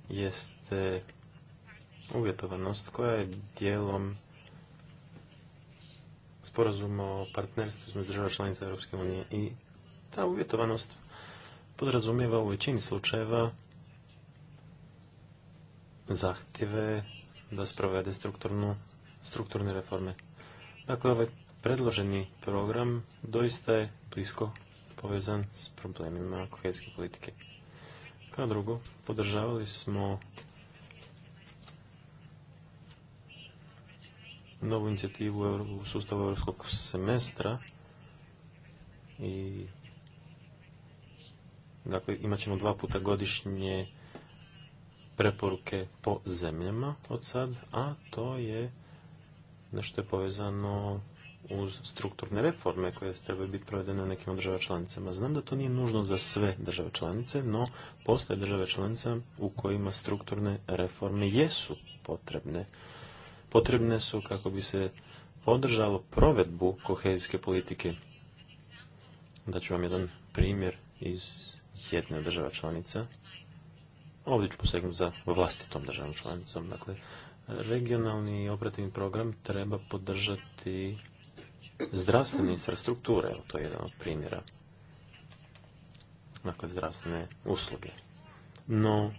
jeste uvjetovanost koja je dijelom sporazuma o partnerstvu između država članica Europske unije i ta uvjetovanost podrazumijeva u većini slučajeva zahtjeve da sprovede strukturne reforme. Dakle, ovaj predloženi program doista je blisko povezan s problemima kohezijske politike. Kao drugo, podržavali smo novu inicijativu u sustavu europskog semestra i dakle imat ćemo dva puta godišnje preporuke po zemljama od sad, a to je nešto je povezano uz strukturne reforme koje trebaju biti provedene u nekim od država članicama. Znam da to nije nužno za sve države članice, no postoje države članice u kojima strukturne reforme jesu potrebne. Potrebne su kako bi se podržalo provedbu kohezijske politike. Daću vam jedan primjer iz jedne država članica. Ovdje ću posegnuti za vlastitom državom članicom. Dakle, regionalni operativni program treba podržati zdravstvene infrastrukture, to je jedan od primjera, dakle zdravstvene usluge. No,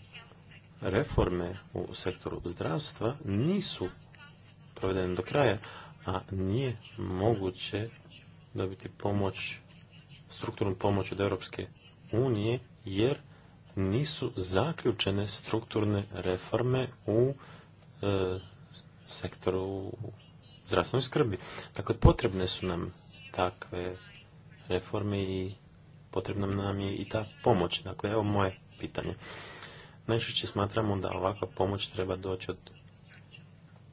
reforme u sektoru zdravstva nisu provedene do kraja, a nije moguće dobiti pomoć, strukturnu pomoć od Europske unije, jer nisu zaključene strukturne reforme u e, sektoru zdravstvenoj skrbi. Dakle, potrebne su nam takve reforme i potrebna nam je i ta pomoć. Dakle, evo moje pitanje. Najčešće smatramo da ovakva pomoć treba doći od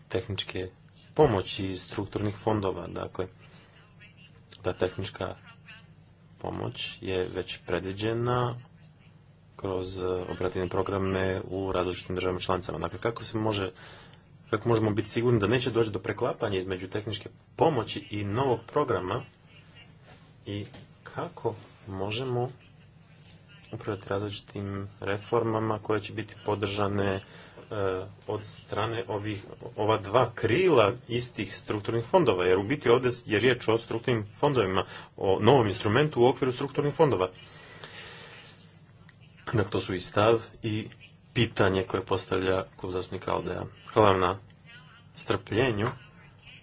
tehničke pomoći iz strukturnih fondova. Dakle, ta tehnička pomoć je već predviđena kroz operativne programe u različitim državama članicama. Dakle, kako se može kako možemo biti sigurni da neće doći do preklapanja između tehničke pomoći i novog programa i kako možemo upravljati različitim reformama koje će biti podržane e, od strane ovih, ova dva krila istih strukturnih fondova, jer u biti ovdje je riječ o strukturnim fondovima, o novom instrumentu u okviru strukturnih fondova. Dakle, to su i stav i pitanje koje postavlja klub zastupnika Aldeja. Hvala vam na strpljenju.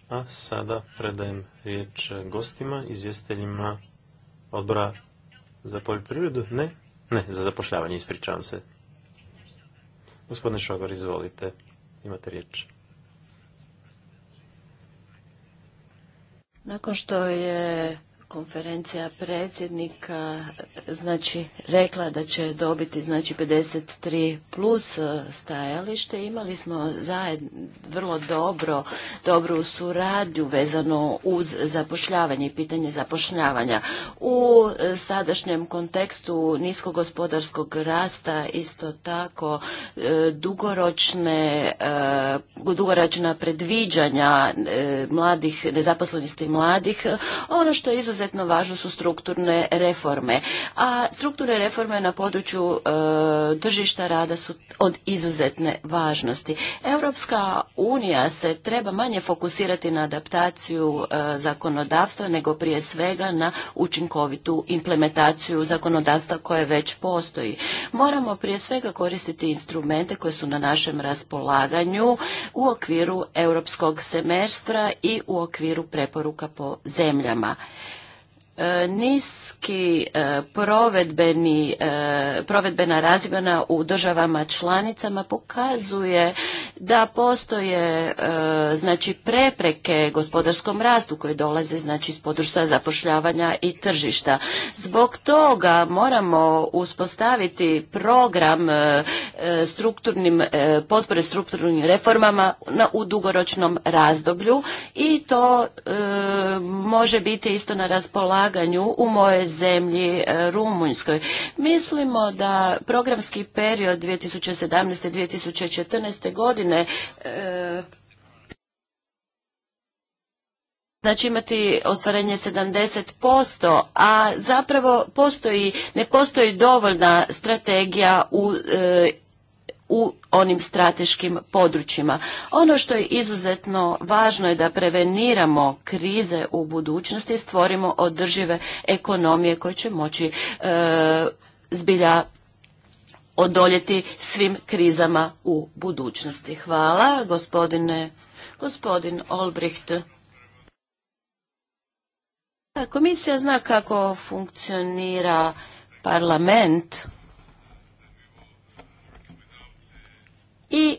A sada predajem riječ gostima, izvjestiteljima odbora za poljoprivredu. Ne, ne, za zapošljavanje, ispričavam se. Gospodine Šogor, izvolite, imate riječ. Nakon što je konferencija predsjednika znači rekla da će dobiti znači 53 plus e, stajalište. Imali smo zajedno vrlo dobro dobru suradnju vezano uz zapošljavanje i pitanje zapošljavanja. U e, sadašnjem kontekstu niskog gospodarskog rasta isto tako e, dugoročne dugoročna predviđanja mladih nezaposlenosti mladih ono što je izuzet izuzetno važno su strukturne reforme. A strukturne reforme na području držišta e, rada su od izuzetne važnosti. Europska unija se treba manje fokusirati na adaptaciju e, zakonodavstva nego prije svega na učinkovitu implementaciju zakonodavstva koje već postoji. Moramo prije svega koristiti instrumente koje su na našem raspolaganju u okviru europskog semestra i u okviru preporuka po zemljama. E, niski e, provedbeni, e, provedbena razmjena u državama članicama pokazuje da postoje znači prepreke gospodarskom rastu koje dolaze znači iz područja zapošljavanja i tržišta. Zbog toga moramo uspostaviti program strukturnim potpore strukturnim reformama u dugoročnom razdoblju i to može biti isto na raspolaganju u mojoj zemlji e, Rumunjskoj. Mislimo da programski period 2017. 2014. godine e, znači imati ostvarenje 70%, a zapravo postoji, ne postoji dovoljna strategija u e, u onim strateškim područjima. Ono što je izuzetno važno je da preveniramo krize u budućnosti, stvorimo održive ekonomije koje će moći e, zbilja odoljeti svim krizama u budućnosti. Hvala, gospodine, gospodin Olbricht. Komisija zna kako funkcionira parlament i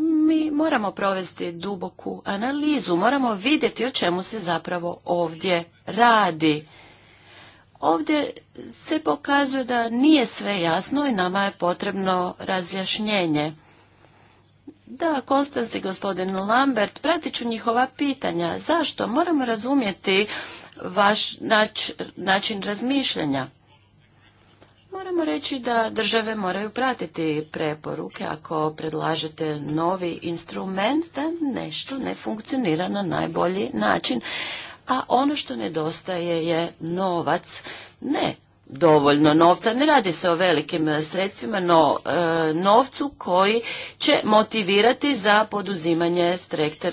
mi moramo provesti duboku analizu, moramo vidjeti o čemu se zapravo ovdje radi. Ovdje se pokazuje da nije sve jasno i nama je potrebno razjašnjenje. Da, Konstans i gospodin Lambert, pratit ću njihova pitanja. Zašto? Moramo razumjeti vaš način razmišljanja moramo reći da države moraju pratiti preporuke ako predlažete novi instrument da nešto ne funkcionira na najbolji način. A ono što nedostaje je novac, ne dovoljno novca, ne radi se o velikim sredstvima, no e, novcu koji će motivirati za poduzimanje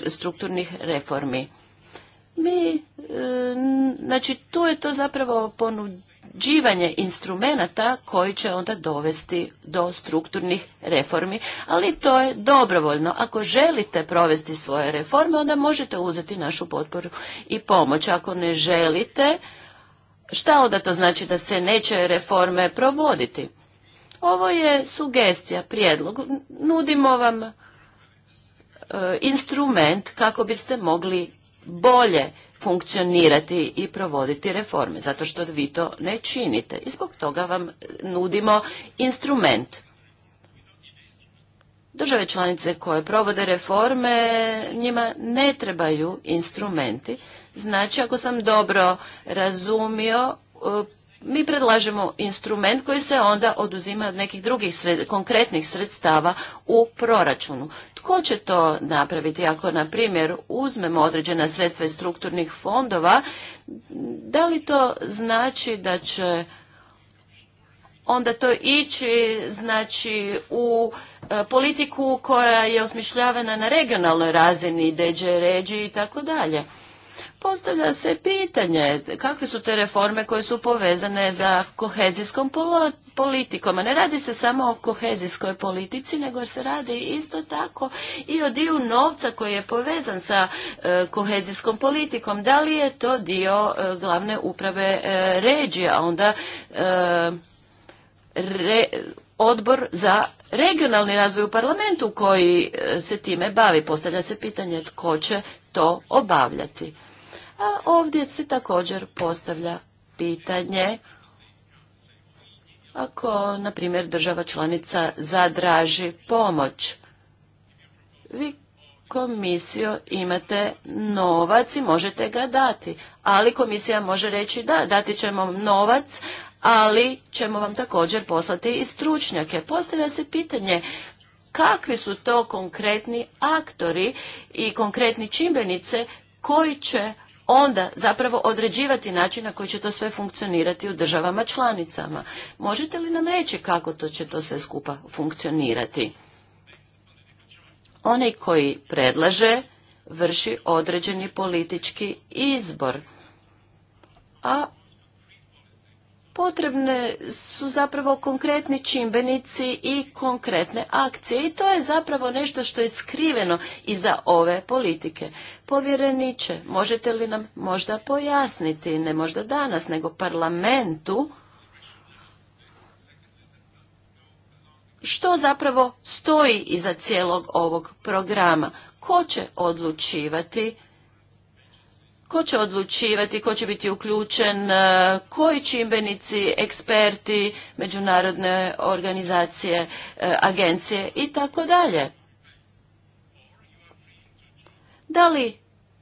strukturnih reformi. Mi, e, znači tu je to zapravo ponuđenje nasljeđivanje instrumenata koji će onda dovesti do strukturnih reformi, ali to je dobrovoljno. Ako želite provesti svoje reforme, onda možete uzeti našu potporu i pomoć. Ako ne želite, šta onda to znači da se neće reforme provoditi? Ovo je sugestija, prijedlog. Nudimo vam e, instrument kako biste mogli bolje funkcionirati i provoditi reforme, zato što vi to ne činite. I zbog toga vam nudimo instrument. Države članice koje provode reforme, njima ne trebaju instrumenti. Znači, ako sam dobro razumio, mi predlažemo instrument koji se onda oduzima od nekih drugih konkretnih sredstava u proračunu. Tko će to napraviti ako, na primjer, uzmemo određena sredstva iz strukturnih fondova? Da li to znači da će onda to ići znači u e, politiku koja je osmišljavana na regionalnoj razini, deđe, ređi i tako dalje? postavlja se pitanje kakve su te reforme koje su povezane za kohezijskom politikom. A ne radi se samo o kohezijskoj politici, nego se radi isto tako i o dio novca koji je povezan sa e, kohezijskom politikom. Da li je to dio e, glavne uprave ređija, regija, onda e, odbor za regionalni razvoj u parlamentu koji se time bavi. Postavlja se pitanje tko će to obavljati. A ovdje se također postavlja pitanje ako, na primjer, država članica zadraži pomoć. Vi komisijo imate novac i možete ga dati, ali komisija može reći da, dati ćemo novac, ali ćemo vam također poslati i stručnjake. Postavlja se pitanje kakvi su to konkretni aktori i konkretni čimbenice koji će onda zapravo određivati način na koji će to sve funkcionirati u državama članicama. Možete li nam reći kako to će to sve skupa funkcionirati? Onaj koji predlaže vrši određeni politički izbor, a potrebne su zapravo konkretni čimbenici i konkretne akcije i to je zapravo nešto što je skriveno iza ove politike. Povjereniče, možete li nam možda pojasniti, ne možda danas, nego parlamentu, što zapravo stoji iza cijelog ovog programa? Ko će odlučivati ko će odlučivati, ko će biti uključen, e, koji čimbenici, eksperti, međunarodne organizacije, e, agencije i tako dalje. Da li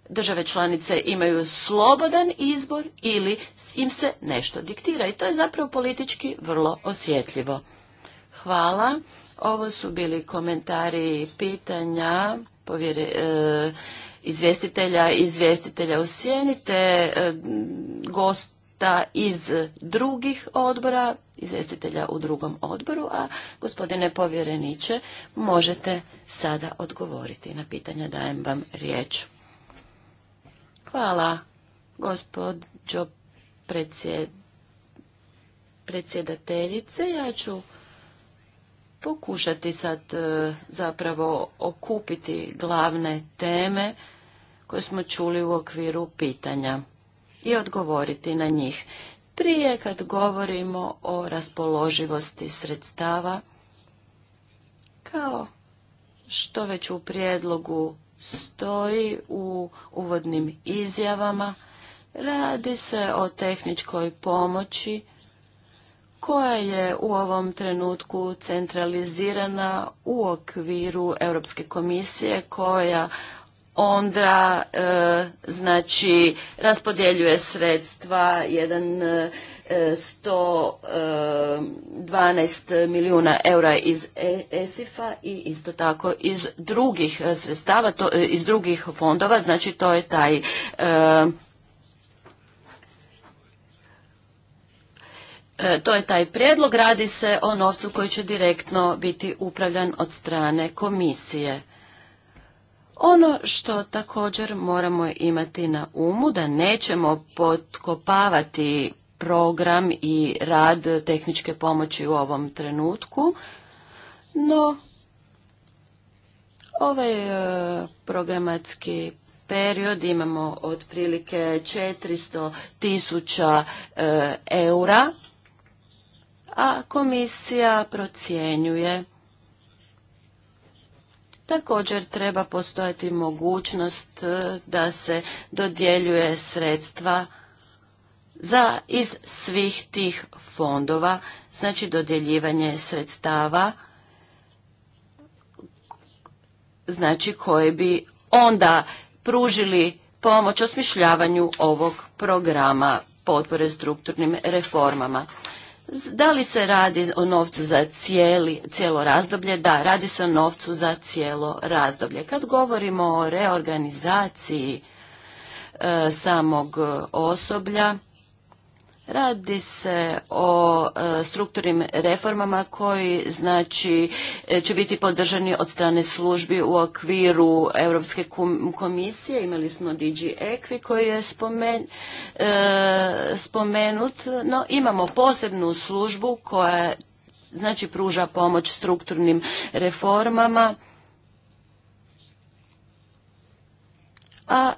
države članice imaju slobodan izbor ili im se nešto diktira i to je zapravo politički vrlo osjetljivo. Hvala. Ovo su bili komentari i pitanja povjerenja. E, izvjestitelja i izvjestitelja u sjeni, te e, gosta iz drugih odbora, izvjestitelja u drugom odboru, a gospodine povjereniče, možete sada odgovoriti na pitanja, dajem vam riječ. Hvala, gospođo predsjedateljice. Ja ću pokušati sad e, zapravo okupiti glavne teme koje smo čuli u okviru pitanja i odgovoriti na njih. Prije kad govorimo o raspoloživosti sredstava, kao što već u prijedlogu stoji u uvodnim izjavama, radi se o tehničkoj pomoći koja je u ovom trenutku centralizirana u okviru Europske komisije koja onda e, znači raspodjeljuje sredstva jedan e, sto 112 e, milijuna eura iz ESIF-a i isto tako iz drugih sredstava, to, iz drugih fondova, znači to je taj To je taj prijedlog, radi se o novcu koji će direktno biti upravljan od strane komisije. Ono što također moramo imati na umu da nećemo potkopavati program i rad tehničke pomoći u ovom trenutku, no ovaj e, programatski period imamo otprilike 400 tisuća e, eura, a komisija procjenjuje Također treba postojati mogućnost e, da se dodjeljuje sredstva za iz svih tih fondova, znači dodjeljivanje sredstava znači koji bi onda pružili pomoć osmišljavanju ovog programa potpore strukturnim reformama. Da li se radi o novcu za cijeli, cijelo razdoblje? Da, radi se o novcu za cijelo razdoblje. Kad govorimo o reorganizaciji e, samog e, osoblja, Radi se o e, strukturnim reformama koji znači e, će biti podržani od strane službi u okviru Europske komisije. Imali smo DG Equi koji je e, spomenut. No, imamo posebnu službu koja znači pruža pomoć strukturnim reformama. A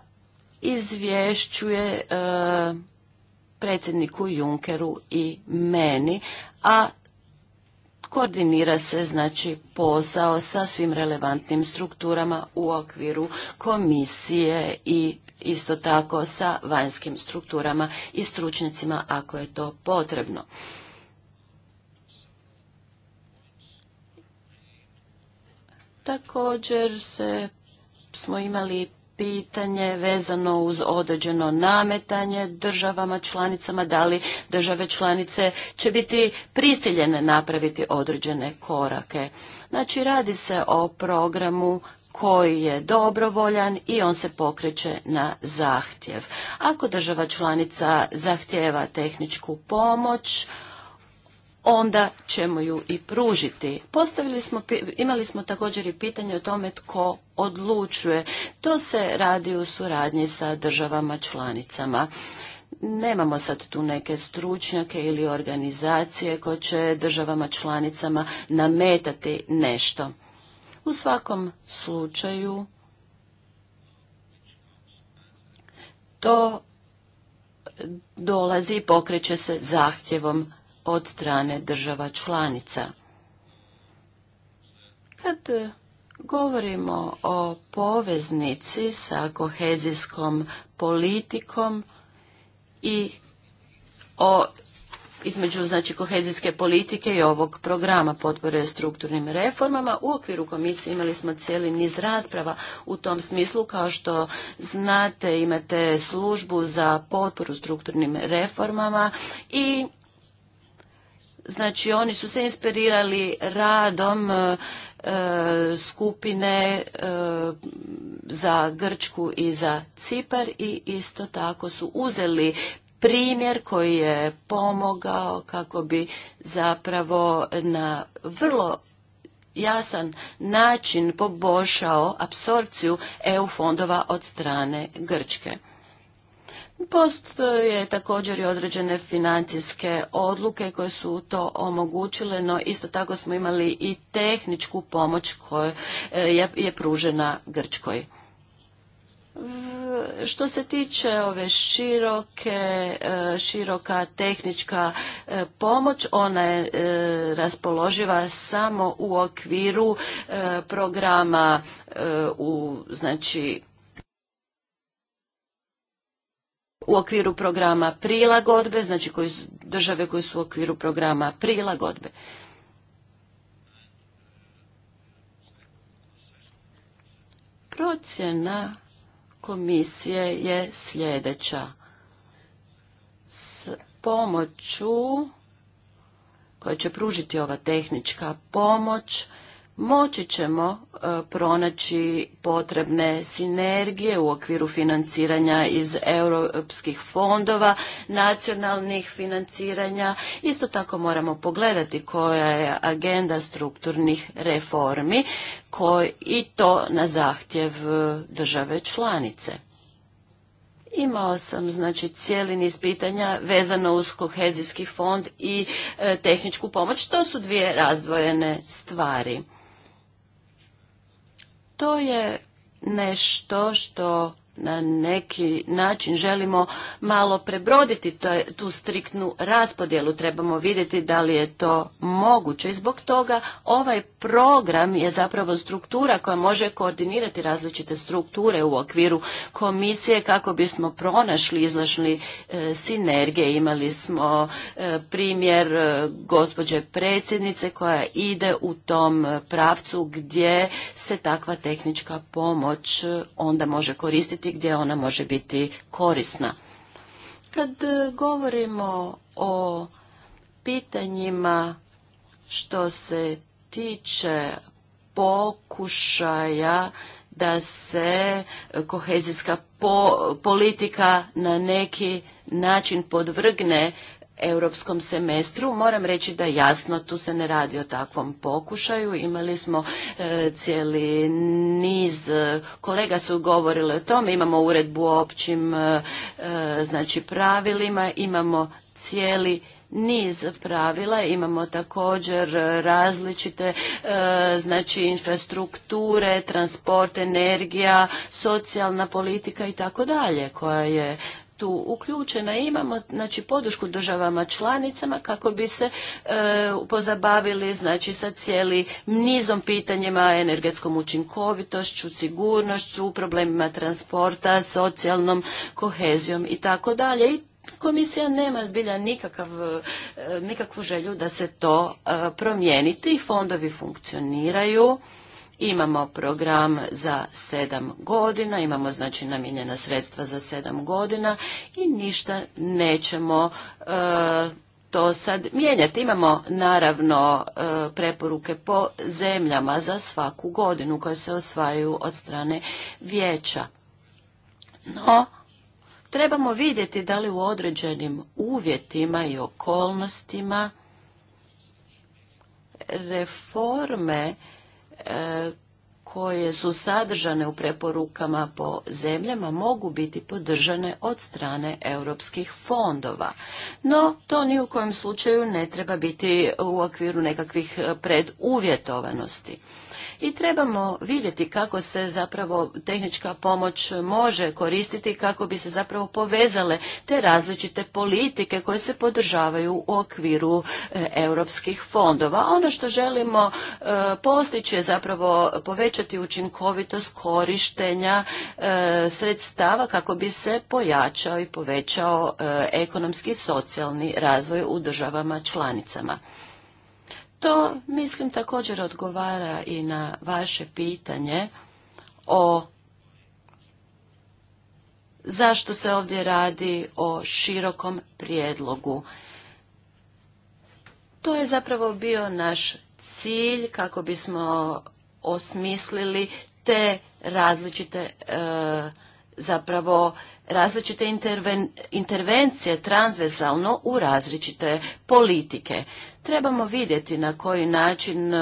izvješćuje predsjedniku Junkeru i meni, a koordinira se znači posao sa svim relevantnim strukturama u okviru komisije i isto tako sa vanjskim strukturama i stručnicima ako je to potrebno. Također se smo imali pitanje vezano uz određeno nametanje državama članicama, da li države članice će biti prisiljene napraviti određene korake. Znači radi se o programu koji je dobrovoljan i on se pokreće na zahtjev. Ako država članica zahtjeva tehničku pomoć, onda ćemo ju i pružiti. Postavili smo, imali smo također i pitanje o tome tko odlučuje. To se radi u suradnji sa državama članicama. Nemamo sad tu neke stručnjake ili organizacije koje će državama članicama nametati nešto. U svakom slučaju to dolazi i pokreće se zahtjevom od strane država članica. Kad govorimo o poveznici sa kohezijskom politikom i o između znači kohezijske politike i ovog programa potpore strukturnim reformama. U okviru komisije imali smo cijeli niz rasprava u tom smislu kao što znate imate službu za potporu strukturnim reformama i Znači oni su se inspirirali radom e, e, skupine e, za Grčku i za Cipar i isto tako su uzeli primjer koji je pomogao kako bi zapravo na vrlo jasan način poboljšao apsorpciju EU fondova od strane Grčke. Postoje također i određene financijske odluke koje su to omogućile, no isto tako smo imali i tehničku pomoć koja e, je pružena Grčkoj. Što se tiče ove široke, e, široka tehnička e, pomoć, ona je raspoloživa samo u okviru programa u, znači, u okviru programa prilagodbe, znači koji države koje su u okviru programa prilagodbe. Procjena komisije je sljedeća. S pomoću koja će pružiti ova tehnička pomoć moći ćemo e, pronaći potrebne sinergije u okviru financiranja iz europskih fondova, nacionalnih financiranja. Isto tako moramo pogledati koja je agenda strukturnih reformi i to na zahtjev e, države članice. Imao sam znači cijeli niz pitanja vezano uz kohezijski fond i e, tehničku pomoć. To su dvije razdvojene stvari. To je nešto što na neki način želimo malo prebroditi tu striktnu raspodjelu. Trebamo vidjeti da li je to moguće i zbog toga ovaj program je zapravo struktura koja može koordinirati različite strukture u okviru komisije kako bismo pronašli, izlašli e, sinergije. Imali smo e, primjer e, gospođe predsjednice koja ide u tom pravcu gdje se takva tehnička pomoć onda može koristiti gdje ona može biti korisna. Kad e, govorimo o pitanjima što se tiče pokušaja da se kohezijska politika na neki način podvrgne europskom semestru. Moram reći da jasno tu se ne radi o takvom pokušaju. Imali smo e, cijeli niz e, kolega su govorili o tome. Imamo uredbu o općim e, znači pravilima, imamo cijeli niz pravila, imamo također različite znači infrastrukture, transport, energija, socijalna politika i tako dalje koja je tu uključena. Imamo znači podušku državama članicama kako bi se e, pozabavili znači sa cijeli nizom pitanjima energetskom učinkovitošću, sigurnošću, problemima transporta, socijalnom kohezijom i tako dalje. I komisija nema zbilja nikakav, e, nikakvu želju da se to promijeniti promijeniti. Fondovi funkcioniraju Imamo program za sedam godina, imamo znači namijenjena sredstva za sedam godina i ništa nećemo e, to sad mijenjati. Imamo naravno e, preporuke po zemljama za svaku godinu koje se osvajaju od strane vijeća. No, trebamo vidjeti da li u određenim uvjetima i okolnostima reforme E, koje su sadržane u preporukama po zemljama mogu biti podržane od strane europskih fondova. No, to ni u kojem slučaju ne treba biti u okviru nekakvih preduvjetovanosti i trebamo vidjeti kako se zapravo tehnička pomoć može koristiti kako bi se zapravo povezale te različite politike koje se podržavaju u okviru e, europskih fondova. Ono što želimo e, postići je zapravo povećati učinkovitost korištenja e, sredstava kako bi se pojačao i povećao ekonomski i socijalni razvoj u državama članicama. To, mislim, također odgovara i na vaše pitanje o zašto se ovdje radi o širokom prijedlogu. To je zapravo bio naš cilj kako bismo osmislili te različite e, zapravo različite intervencije transvezalno u različite politike trebamo vidjeti na koji način e,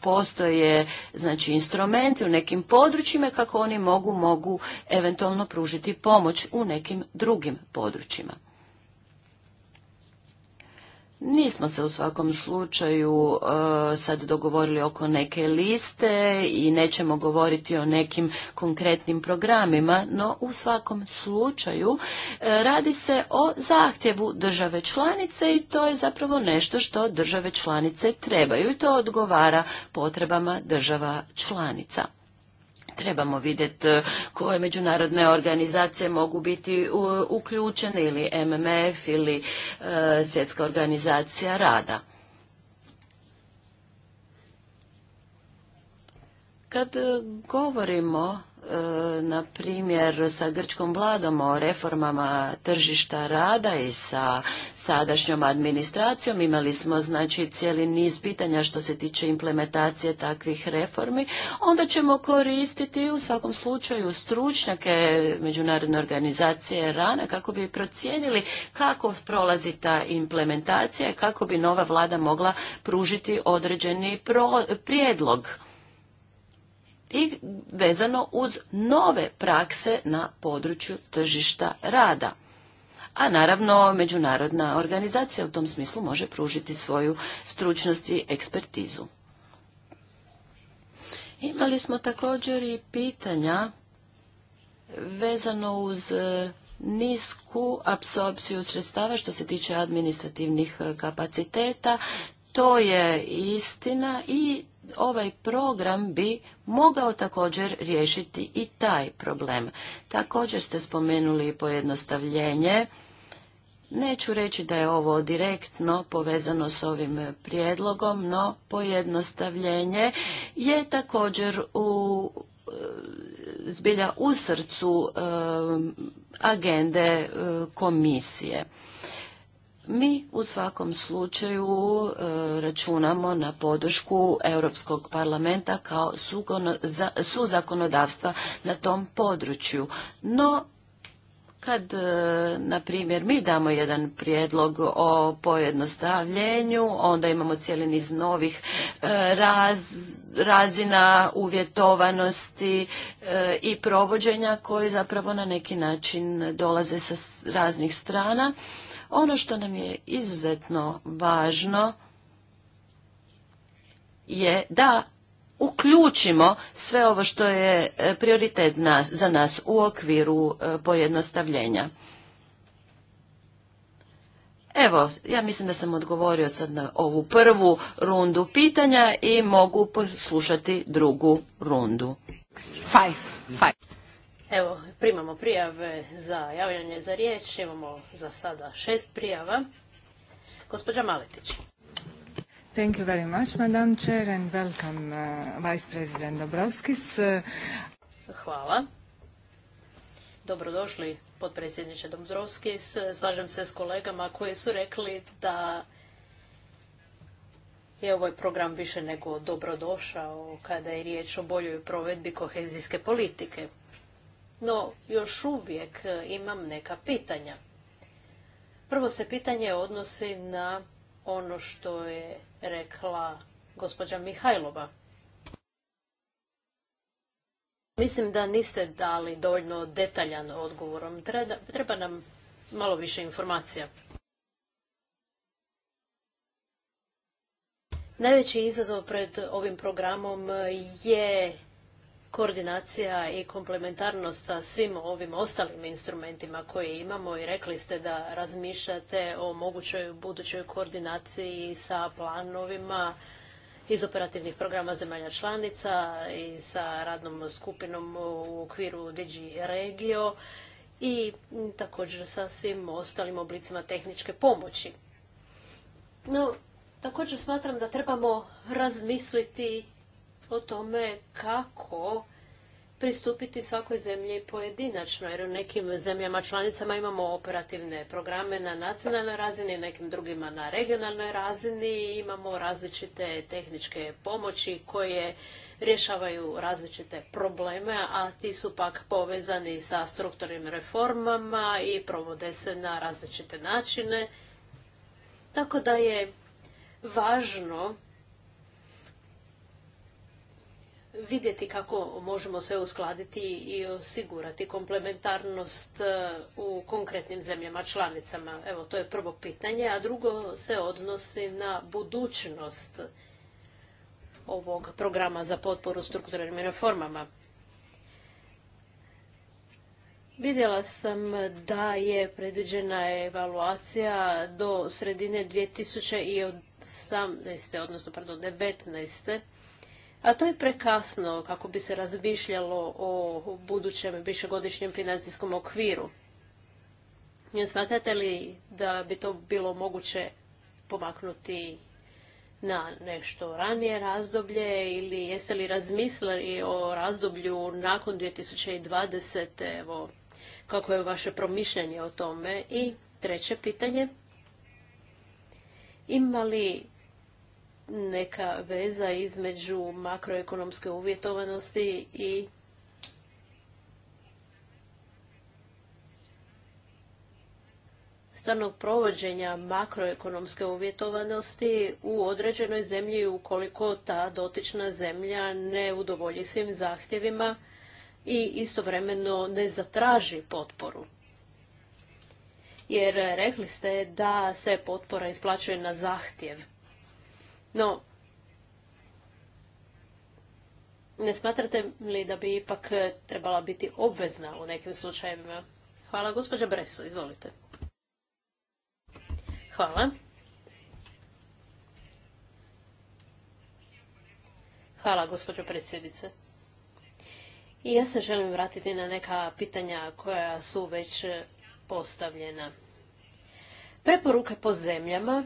postoje znači instrumenti u nekim područjima kako oni mogu mogu eventualno pružiti pomoć u nekim drugim područjima. Nismo se u svakom slučaju e, sad dogovorili oko neke liste i nećemo govoriti o nekim konkretnim programima, no u svakom slučaju e, radi se o zahtjevu države članice i to je zapravo nešto što države članice trebaju i to odgovara potrebama država članica. Trebamo vidjeti e, koje međunarodne organizacije mogu biti uključene ili MMF ili e, Svjetska organizacija rada. Kad e, govorimo E, na primjer sa grčkom vladom o reformama tržišta rada i sa sadašnjom administracijom imali smo znači cijeli niz pitanja što se tiče implementacije takvih reformi onda ćemo koristiti u svakom slučaju stručnjake međunarodne organizacije rana kako bi procijenili kako prolazi ta implementacija i kako bi nova vlada mogla pružiti određeni prijedlog i vezano uz nove prakse na području tržišta rada. A naravno, međunarodna organizacija u tom smislu može pružiti svoju stručnost i ekspertizu. Imali smo također i pitanja vezano uz e, nisku apsorpciju sredstava što se tiče administrativnih e, kapaciteta. To je istina i ovaj program bi mogao također riješiti i taj problem. Također ste spomenuli pojednostavljenje. Neću reći da je ovo direktno povezano s ovim prijedlogom, no pojednostavljenje je također u e, zbilja u srcu e, agende e, komisije. Mi u svakom slučaju e, računamo na podršku Europskog parlamenta kao suzakonodavstva na tom području. No, kad, e, na primjer, mi damo jedan prijedlog o pojednostavljenju, onda imamo cijeli niz novih e, razina uvjetovanosti i provođenja koji zapravo na neki način dolaze sa raznih strana ono što nam je izuzetno važno je da uključimo sve ovo što je e, prioritet za nas u okviru e, pojednostavljenja. Evo, ja mislim da sam odgovorio sad na ovu prvu rundu pitanja i mogu poslušati drugu rundu. Five. Five. Evo, primamo prijave za javljanje za riječ. Imamo za sada šest prijava. Gospođa Maletić. Thank you very much, Madam Chair, and welcome uh, Vice President Dobrovskis. Hvala. Dobrodošli, potpredsjedniče Dobrovskis. Slažem se s kolegama koji su rekli da je ovaj program više nego dobrodošao kada je riječ o boljoj provedbi kohezijske politike. No, još uvijek e, imam neka pitanja. Prvo se pitanje odnosi na ono što je rekla gospođa Mihajlova. Mislim da niste dali dovoljno detaljan odgovor. Treba nam malo više informacija. Najveći izazov pred ovim programom je koordinacija i komplementarnost sa svim ovim ostalim instrumentima koje imamo i rekli ste da razmišljate o mogućoj budućoj koordinaciji sa planovima iz operativnih programa zemalja članica i sa radnom skupinom u okviru DG Regio i također sa svim ostalim oblicima tehničke pomoći. No, također smatram da trebamo razmisliti o tome kako pristupiti svakoj zemlji pojedinačno, jer u nekim zemljama članicama imamo operativne programe na nacionalnoj razini, nekim drugima na regionalnoj razini, imamo različite tehničke pomoći koje rješavaju različite probleme, a ti su pak povezani sa strukturnim reformama i provode se na različite načine. Tako da je važno vidjeti kako možemo sve uskladiti i osigurati komplementarnost e, u konkretnim zemljama članicama. Evo, to je prvo pitanje, a drugo se odnosi na budućnost ovog programa za potporu strukturnim reformama. Vidjela sam da je predviđena evaluacija do sredine 2018. odnosno pardon 19. A to je prekasno kako bi se razmišljalo o budućem višegodišnjem financijskom okviru. Smatrate li da bi to bilo moguće pomaknuti na nešto ranije razdoblje ili jeste li razmislili o razdoblju nakon 2020. Evo, kako je vaše promišljanje o tome? I treće pitanje. Ima li neka veza između makroekonomske uvjetovanosti i stvarnog provođenja makroekonomske uvjetovanosti u određenoj zemlji ukoliko ta dotična zemlja ne udovolji svim zahtjevima i istovremeno ne zatraži potporu. Jer rekli ste da se potpora isplaćuje na zahtjev. No, ne smatrate li da bi ipak eh, trebala biti obvezna u nekim slučajevima? Hvala, gospođa Breso, izvolite. Hvala. Hvala, gospođo predsjednice. I ja se želim vratiti na neka pitanja koja su već eh, postavljena. Preporuke po zemljama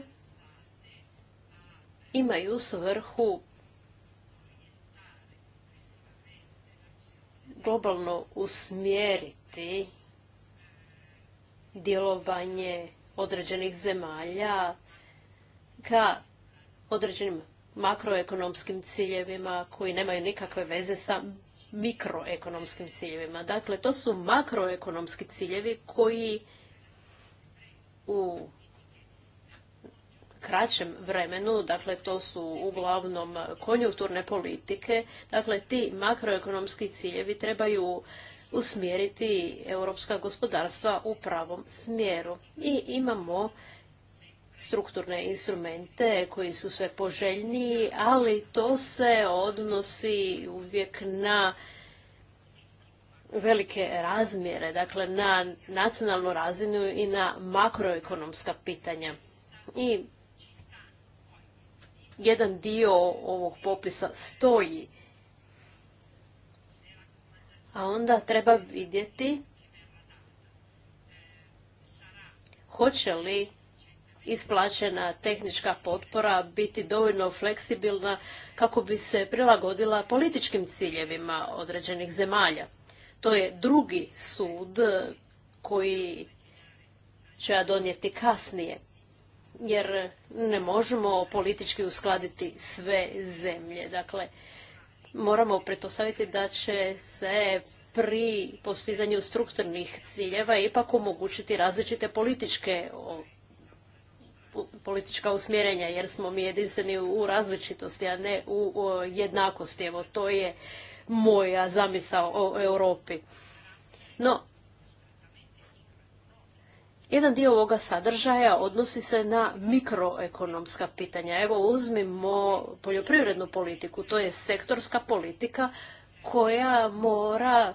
imaju svrhu globalno usmjeriti djelovanje određenih zemalja ka određenim makroekonomskim ciljevima koji nemaju nikakve veze sa mikroekonomskim ciljevima. Dakle, to su makroekonomski ciljevi koji u kraćem vremenu, dakle to su uglavnom konjunkturne politike, dakle ti makroekonomski ciljevi trebaju usmjeriti europska gospodarstva u pravom smjeru. I imamo strukturne instrumente koji su sve poželjniji, ali to se odnosi uvijek na velike razmjere, dakle na nacionalnu razinu i na makroekonomska pitanja. I jedan dio ovog popisa stoji. A onda treba vidjeti hoće li isplaćena tehnička potpora biti dovoljno fleksibilna kako bi se prilagodila političkim ciljevima određenih zemalja. To je drugi sud koji će ja donijeti kasnije jer ne možemo politički uskladiti sve zemlje. Dakle, moramo pretpostaviti da će se pri postizanju strukturnih ciljeva ipak omogućiti različite političke politička usmjerenja jer smo mi jedinstveni u različitosti, a ne u jednakosti. Evo, to je moja zamisao o Europi. No, jedan dio ovoga sadržaja odnosi se na mikroekonomska pitanja. Evo uzmimo poljoprivrednu politiku, to je sektorska politika koja mora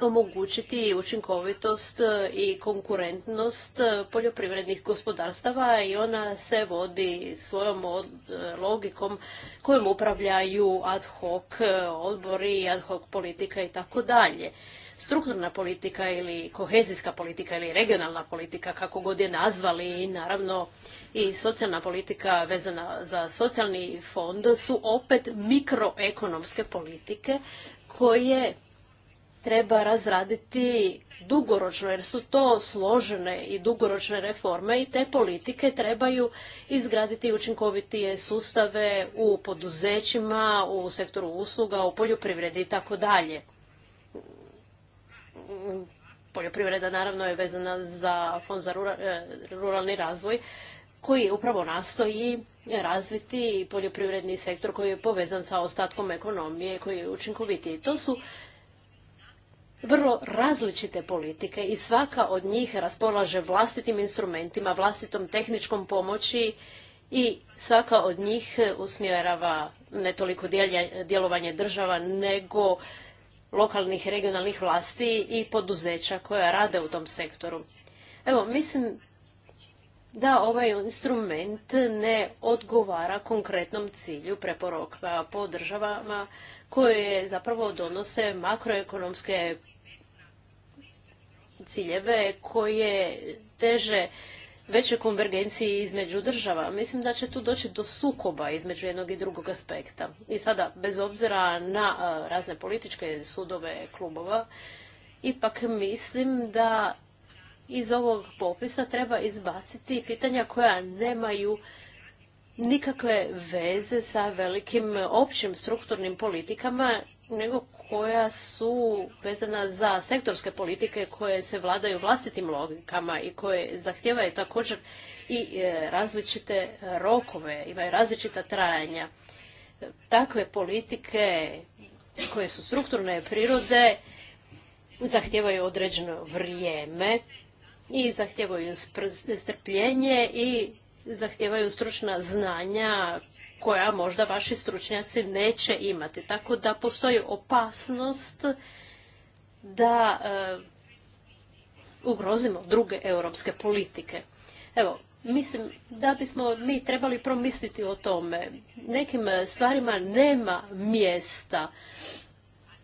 omogućiti učinkovitost e, i konkurentnost e, poljoprivrednih gospodarstava i ona se vodi svojom e, logikom kojom upravljaju ad hoc odbori, ad hoc politika i tako dalje strukturna politika ili kohezijska politika ili regionalna politika, kako god je nazvali, i naravno i socijalna politika vezana za socijalni fond su opet mikroekonomske politike koje treba razraditi dugoročno, jer su to složene i dugoročne reforme i te politike trebaju izgraditi učinkovitije sustave u poduzećima, u sektoru usluga, u poljoprivredi i tako dalje poljoprivreda naravno je vezana za Fond za e, ruralni razvoj koji upravo nastoji razviti poljoprivredni sektor koji je povezan sa ostatkom ekonomije, koji je učinkovitiji. To su vrlo različite politike i svaka od njih raspolaže vlastitim instrumentima, vlastitom tehničkom pomoći i svaka od njih usmjerava ne toliko djelovanje država nego lokalnih i regionalnih vlasti i poduzeća koja rade u tom sektoru. Evo, mislim da ovaj instrument ne odgovara konkretnom cilju preporoka po državama koje zapravo donose makroekonomske ciljeve koje teže većoj konvergenciji između država. Mislim da će tu doći do sukoba između jednog i drugog aspekta. I sada, bez obzira na razne političke sudove klubova, ipak mislim da iz ovog popisa treba izbaciti pitanja koja nemaju nikakve veze sa velikim općim strukturnim politikama nego koja su vezana za sektorske politike koje se vladaju vlastitim logikama i koje zahtijevaju također i e, različite rokove, imaju različita trajanja. Takve politike koje su strukturne prirode zahtijevaju određeno vrijeme i zahtijevaju strpljenje i zahtijevaju stručna znanja koja možda vaši stručnjaci neće imati. Tako da postoji opasnost da e, ugrozimo druge europske politike. Evo, mislim da bismo mi trebali promisliti o tome. Nekim stvarima nema mjesta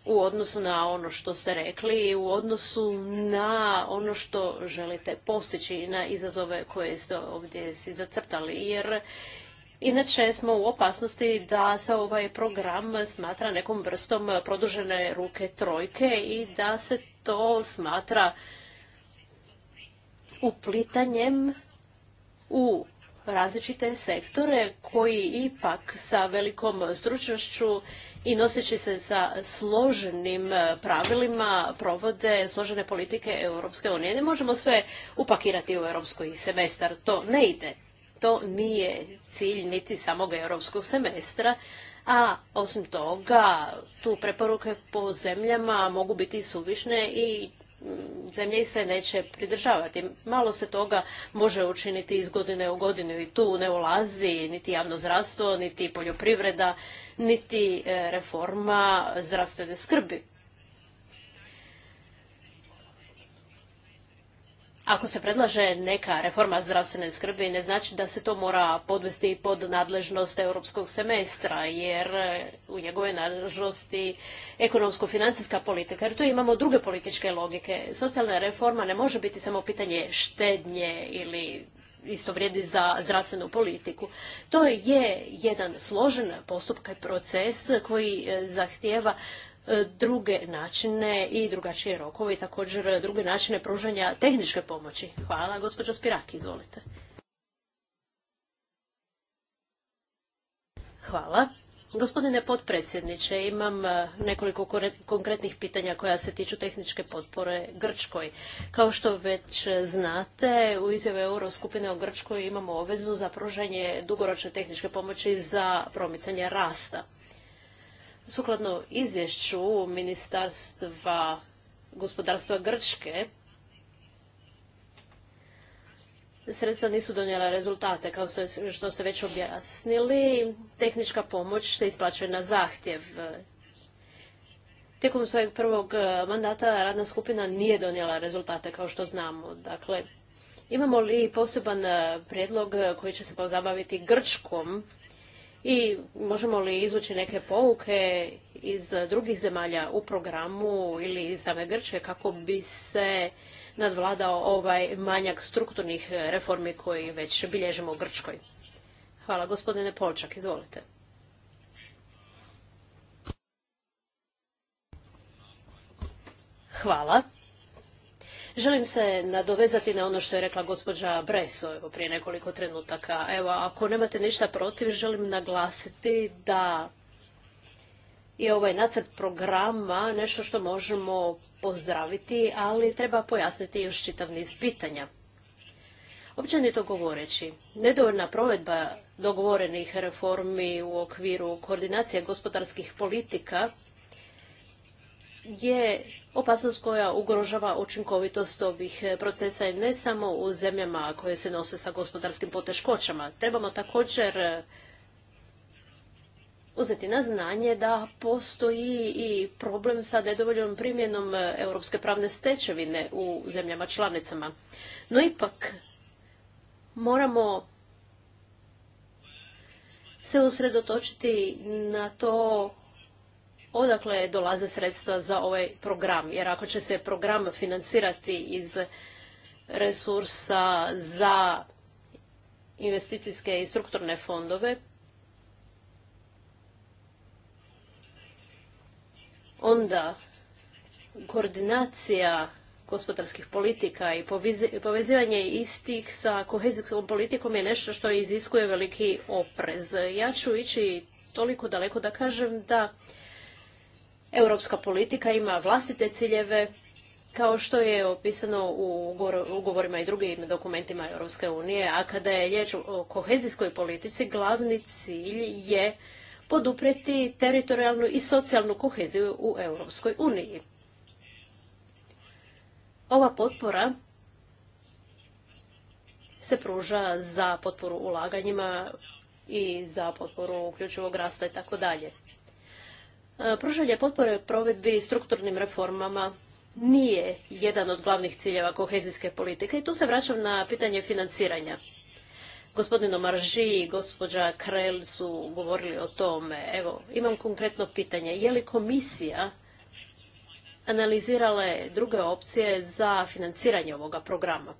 u odnosu na ono što ste rekli i u odnosu na ono što želite postići na izazove koje ste ovdje si zacrtali. Jer Inače smo u opasnosti da se ovaj program smatra nekom vrstom produžene ruke trojke i da se to smatra uplitanjem u različite sektore koji ipak sa velikom stručnošću i noseći se sa složenim pravilima provode složene politike Europske unije. Ne možemo sve upakirati u europski semestar, to ne ide to nije cilj niti samog europskog semestra, a osim toga tu preporuke po zemljama mogu biti suvišne i mm, zemlje se neće pridržavati. Malo se toga može učiniti iz godine u godinu i tu ne ulazi niti javno zdravstvo, niti poljoprivreda, niti e, reforma zdravstvene skrbi. ako se predlaže neka reforma zdravstvene skrbi ne znači da se to mora podvesti pod nadležnost europskog semestra jer e, u njegove nadležnosti ekonomsko-financijska politika jer tu imamo druge političke logike. Socijalna reforma ne može biti samo pitanje štednje ili isto vrijedi za zdravstvenu politiku. To je jedan složen postupak i proces koji e, zahtijeva E, druge načine i drugačije rokove i također e, druge načine pružanja tehničke pomoći. Hvala. Gospođo Spirak, izvolite. Hvala. Gospodine potpredsjedniče, imam e, nekoliko konkretnih pitanja koja se tiču tehničke potpore Grčkoj. Kao što već znate, u izjave skupine o Grčkoj imamo obvezu za pružanje dugoročne tehničke pomoći za promicanje rasta. Sukladno izvješću Ministarstva gospodarstva Grčke, sredstva nisu donijela rezultate, kao što ste već objasnili. Tehnička pomoć se isplaćuje na zahtjev. Tijekom svojeg prvog e, mandata radna skupina nije donijela rezultate, kao što znamo. Dakle, imamo li poseban e, prijedlog e, koji će se pozabaviti Grčkom i možemo li izvući neke pouke iz drugih zemalja u programu ili iz same Grčke kako bi se nadvladao ovaj manjak strukturnih reformi koji već bilježimo u Grčkoj? Hvala. Gospodine Polčak, izvolite. Hvala. Želim se nadovezati na ono što je rekla gospođa Breso prije nekoliko trenutaka. Evo, ako nemate ništa protiv, želim naglasiti da je ovaj nacrt programa nešto što možemo pozdraviti, ali treba pojasniti još čitav niz pitanja. Općenito govoreći, nedovoljna provedba dogovorenih reformi u okviru koordinacije gospodarskih politika je opasnost koja ugrožava učinkovitost ovih eh, procesa i ne samo u zemljama koje se nose sa gospodarskim poteškoćama. Trebamo također eh, uzeti na znanje da postoji i problem sa nedovoljnom primjenom eh, europske pravne stečevine u zemljama članicama. No ipak moramo se usredotočiti na to odakle dolaze sredstva za ovaj program. Jer ako će se program financirati iz resursa za investicijske i strukturne fondove, onda koordinacija gospodarskih politika i povezivanje istih sa kohezijskom politikom je nešto što iziskuje veliki oprez. Ja ću ići toliko daleko da kažem da Europska politika ima vlastite ciljeve kao što je opisano u ugovorima i drugim dokumentima Europske unije, a kada je riječ o kohezijskoj politici, glavni cilj je podupreti teritorijalnu i socijalnu koheziju u Europskoj uniji. Ova potpora se pruža za potporu ulaganjima i za potporu uključivog rasta i tako dalje. E, pružanje potpore provedbi strukturnim reformama nije jedan od glavnih ciljeva kohezijske politike i tu se vraćam na pitanje financiranja. Gospodin Marži i gospođa Krell su govorili o tome. Evo, imam konkretno pitanje. Je li komisija analizirale druge opcije za financiranje ovoga programa?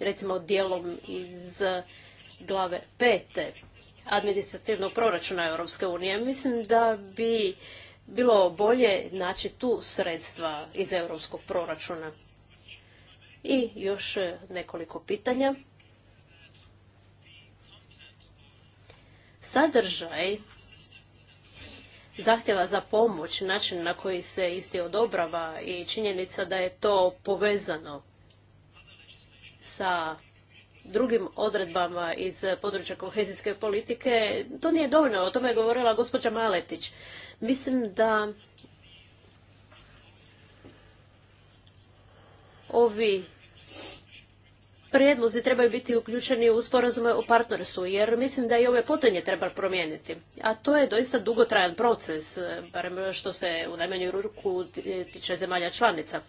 Recimo, dijelom iz glave pete administrativnog proračuna Europske unije. Mislim da bi bilo bolje naći tu sredstva iz europskog proračuna. I još nekoliko pitanja. Sadržaj zahtjeva za pomoć, način na koji se isti odobrava i činjenica da je to povezano sa drugim odredbama iz područja kohezijske politike, to nije dovoljno. O tome je govorila gospođa Maletić. Mislim da ovi prijedlozi trebaju biti uključeni u sporazume o partnerstvu, jer mislim da i ove potenje treba promijeniti. A to je doista dugotrajan proces, barem što se u najmanju ruku tiče zemalja članica.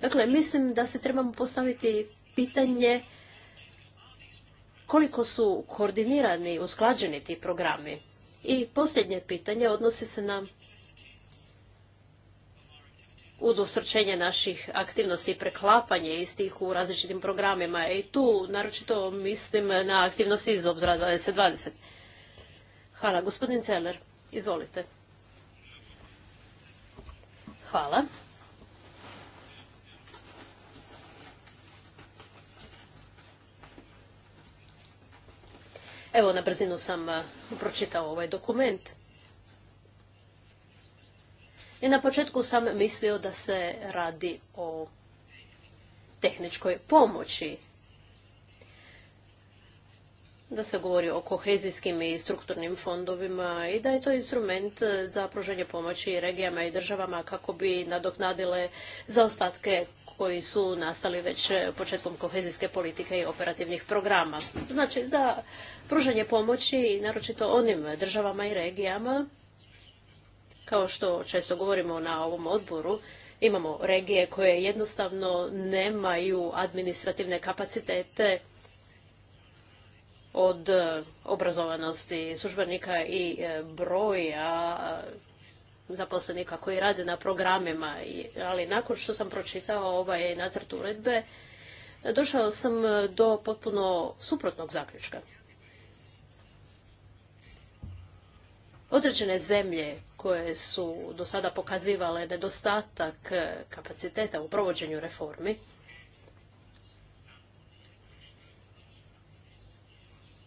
Dakle, mislim da se trebamo postaviti pitanje koliko su koordinirani i usklađeni ti programi? I posljednje pitanje odnosi se na udosrčenje naših aktivnosti i preklapanje istih u različitim programima. I tu naročito mislim na aktivnosti iz obzora 2020. Hvala. Gospodin Celer, izvolite. Hvala. Evo, na brzinu sam pročitao ovaj dokument. I na početku sam mislio da se radi o tehničkoj pomoći. Da se govori o kohezijskim i strukturnim fondovima i da je to instrument za pružanje pomoći regijama i državama kako bi nadoknadile zaostatke koji su nastali već e, početkom kohezijske politike i operativnih programa. Znači, za pružanje pomoći, naročito onim državama i regijama, kao što često govorimo na ovom odboru, imamo regije koje jednostavno nemaju administrativne kapacitete od e, obrazovanosti službenika i e, broja zaposlenika koji rade na programima, ali nakon što sam pročitao ovaj nacrt uredbe, došao sam do potpuno suprotnog zaključka. Određene zemlje koje su do sada pokazivale nedostatak kapaciteta u provođenju reformi,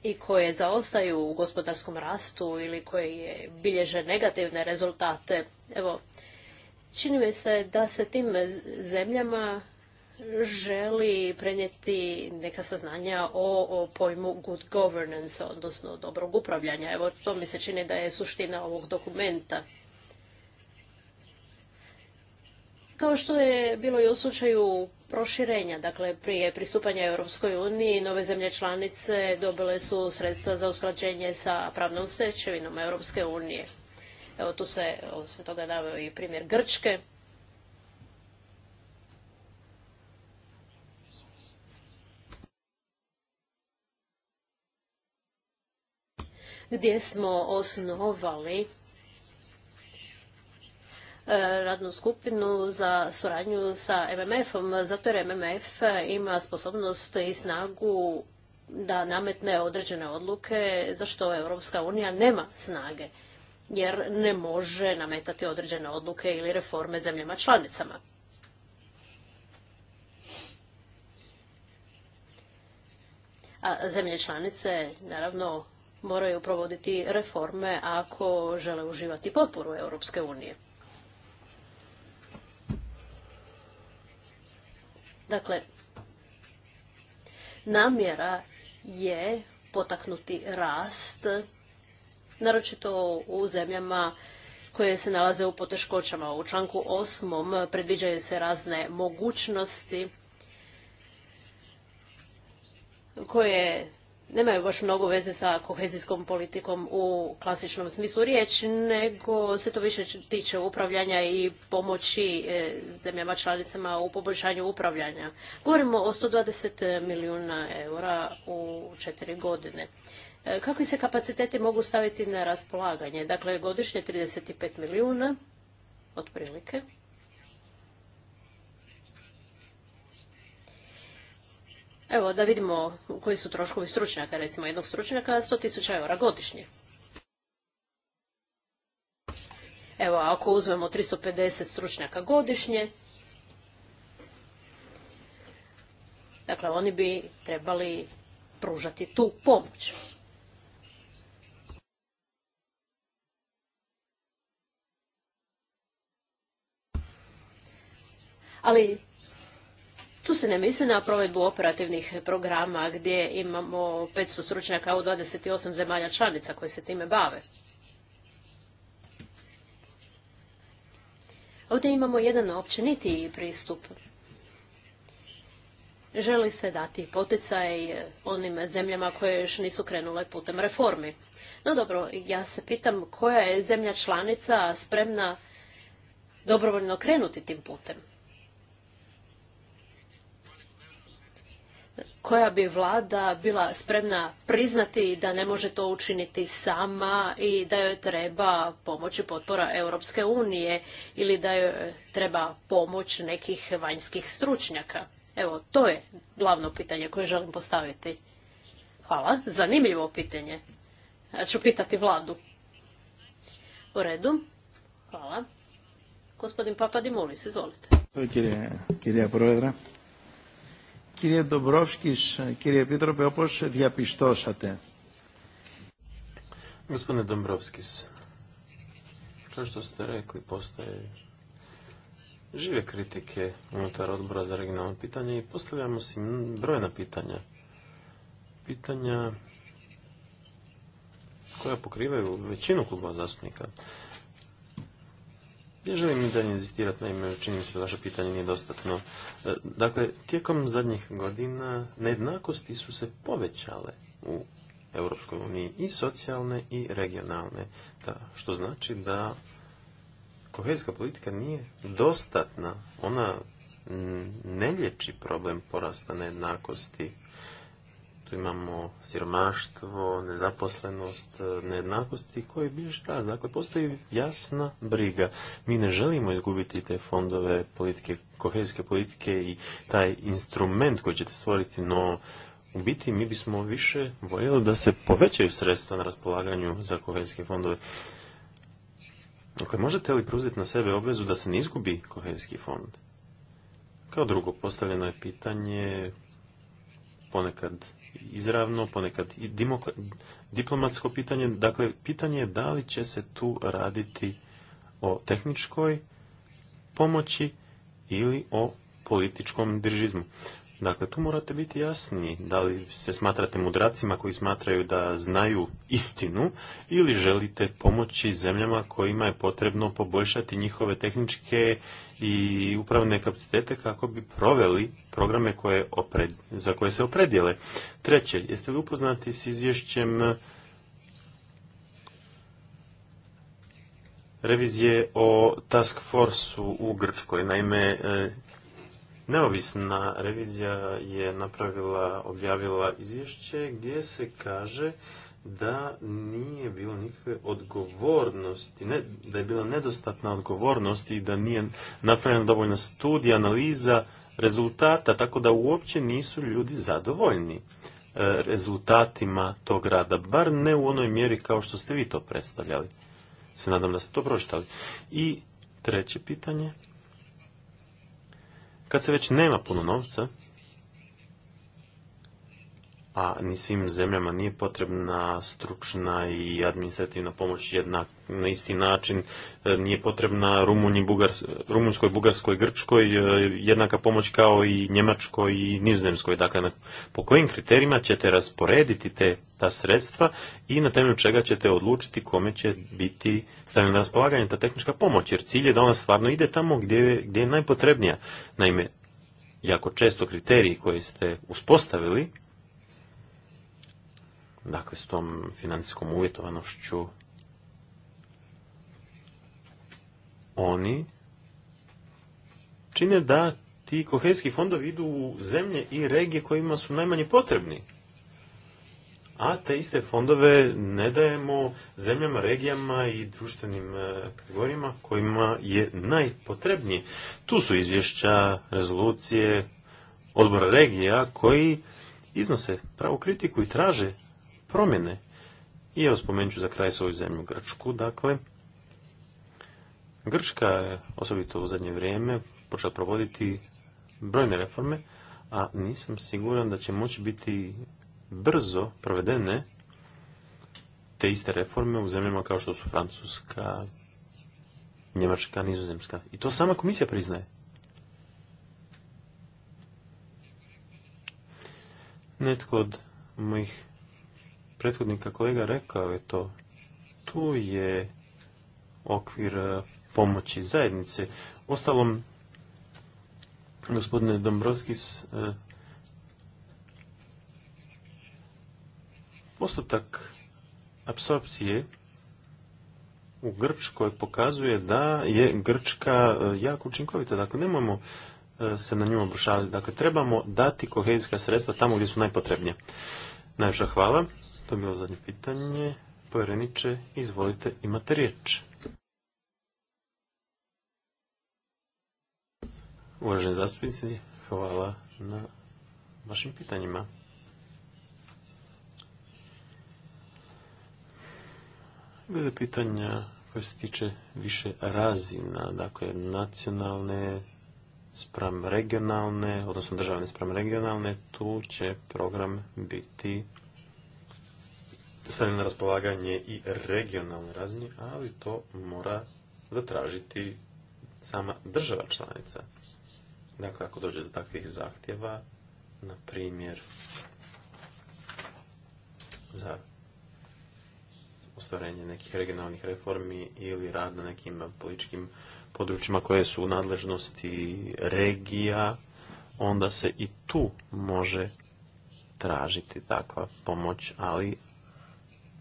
i koje zaostaju u gospodarskom rastu ili koje bilježe negativne rezultate. Evo, čini mi se da se tim zemljama želi prenijeti neka saznanja o, o pojmu good governance, odnosno dobrog upravljanja. Evo, to mi se čini da je suština ovog dokumenta. Kao što je bilo i u slučaju proširenja, dakle prije pristupanja Europskoj uniji, nove zemlje članice dobile su sredstva za usklađenje sa pravnom stečevinom Europske unije. Evo tu se sve toga davao i primjer Grčke. gdje smo osnovali E, radnu skupinu za suradnju sa MMF-om, zato jer MMF ima sposobnost i snagu da nametne određene odluke za što Europska unija nema snage, jer ne može nametati određene odluke ili reforme zemljama članicama. A zemlje članice, naravno, moraju provoditi reforme ako žele uživati potporu Europske unije. Dakle, namjera je potaknuti rast, naročito u zemljama koje se nalaze u poteškoćama. U članku 8. predviđaju se razne mogućnosti koje nemaju baš mnogo veze sa kohezijskom politikom u klasičnom smislu riječi, nego se to više tiče upravljanja i pomoći e, zemljama članicama u poboljšanju upravljanja. Govorimo o 120 milijuna eura u četiri godine. E, kakvi se kapaciteti mogu staviti na raspolaganje? Dakle, godišnje 35 milijuna, otprilike. Evo, da vidimo koji su troškovi stručnjaka, recimo jednog stručnjaka 100.000 eura godišnje. Evo, ako uzmemo 350 stručnjaka godišnje, dakle, oni bi trebali pružati tu pomoć. Ali tu se ne misli na provedbu operativnih programa gdje imamo 500 stručnjaka u 28 zemalja članica koji se time bave. Ovdje imamo jedan općenitiji pristup. Želi se dati poticaj onim zemljama koje još nisu krenule putem reformi. No dobro, ja se pitam koja je zemlja članica spremna dobrovoljno krenuti tim putem. koja bi vlada bila spremna priznati da ne može to učiniti sama i da joj treba pomoć i potpora Europske unije ili da joj treba pomoć nekih vanjskih stručnjaka? Evo, to je glavno pitanje koje želim postaviti. Hvala, zanimljivo pitanje. Ja ću pitati vladu. U redu, hvala. Gospodin Papadimulis, izvolite. Hvala, κύριε Dombrovskis, Gospodine Dombrovskis, kao što ste rekli, postoje žive kritike unutar odbora za regionalno pitanje i postavljamo si brojna pitanja. Pitanja koja pokrivaju većinu kluba zastupnika. Ja želim i dalje inzistirati, naime, čini mi se da vaše pitanje nije dostatno. E, dakle, tijekom zadnjih godina nejednakosti su se povećale u Europskoj uniji i socijalne i regionalne, da, što znači da kohezijska politika nije dostatna, ona ne lječi problem porasta nejednakosti tu imamo siromaštvo, nezaposlenost, e, nejednakosti koje još raz. Dakle, postoji jasna briga. Mi ne želimo izgubiti te fondove politike, kohezijske politike i taj instrument koji ćete stvoriti, no u biti mi bismo više voljeli da se povećaju sredstva na raspolaganju za kohezijske fondove. Dakle, možete li preuzeti na sebe obvezu da se ne izgubi kohezijski fond? Kao drugo, postavljeno je pitanje ponekad izravno, ponekad i diplomatsko pitanje. Dakle, pitanje je da li će se tu raditi o tehničkoj pomoći ili o političkom držizmu. Dakle, tu morate biti jasni da li se smatrate mudracima koji smatraju da znaju istinu ili želite pomoći zemljama kojima je potrebno poboljšati njihove tehničke i upravne kapacitete kako bi proveli programe koje za koje se opredjele. Treće, jeste li upoznati s izvješćem revizije o task force u Grčkoj. Naime, neovisna revizija je napravila, objavila izvješće gdje se kaže da nije bilo nikakve odgovornosti, ne, da je bila nedostatna odgovornost i da nije napravljena dovoljna studija, analiza rezultata, tako da uopće nisu ljudi zadovoljni e, rezultatima tog rada, bar ne u onoj mjeri kao što ste vi to predstavljali. Se nadam da ste to pročitali. I treće pitanje kad se već nema puno novca, a ni svim zemljama nije potrebna stručna i administrativna pomoć jednak na isti način e, nije potrebna Rumunji, Rumunskoj, Bugarskoj, Grčkoj e, jednaka pomoć kao i Njemačkoj i Nizozemskoj. Dakle, po kojim kriterijima ćete rasporediti te, ta sredstva i na temelju čega ćete odlučiti kome će biti stavljena na raspolaganje ta tehnička pomoć, jer cilj je da ona stvarno ide tamo gdje, gdje je najpotrebnija. Naime, jako često kriteriji koje ste uspostavili dakle s tom financijskom uvjetovanošću oni čine da ti kohezijski fondovi idu u zemlje i regije kojima su najmanje potrebni. A te iste fondove ne dajemo zemljama, regijama i društvenim kategorijama e, kojima je najpotrebnije. Tu su izvješća, rezolucije, odbora regija koji iznose pravu kritiku i traže promjene. I evo spomenut ću za kraj svoju zemlju Grčku, dakle. Grčka je, osobito u zadnje vrijeme, počela provoditi brojne reforme, a nisam siguran da će moći biti brzo provedene te iste reforme u zemljama kao što su Francuska, Njemačka, Nizozemska. I to sama komisija priznaje. Netko od mojih prethodnika kolega rekao je to. Tu je okvir e, pomoći zajednice. Ostalom, gospodine Dombrovskis, e, postotak apsorpcije u Grčkoj pokazuje da je Grčka e, jako učinkovita. Dakle, nemojmo se na nju obrušavati. Dakle, trebamo dati kohezijska sredstva tamo gdje su najpotrebnije. Najviše hvala. To je bilo zadnje pitanje. Povjereniče, izvolite, imate riječ. Uvaženi zastupnici, hvala na vašim pitanjima. Glede pitanja koje se tiče više razina, dakle nacionalne spram regionalne, odnosno državne spram regionalne, tu će program biti stane na raspolaganje i regionalne razini, ali to mora zatražiti sama država članica. Dakle, ako dođe do takvih zahtjeva, na primjer, za ostvarenje nekih regionalnih reformi ili rad na nekim političkim područjima koje su u nadležnosti regija, onda se i tu može tražiti takva pomoć, ali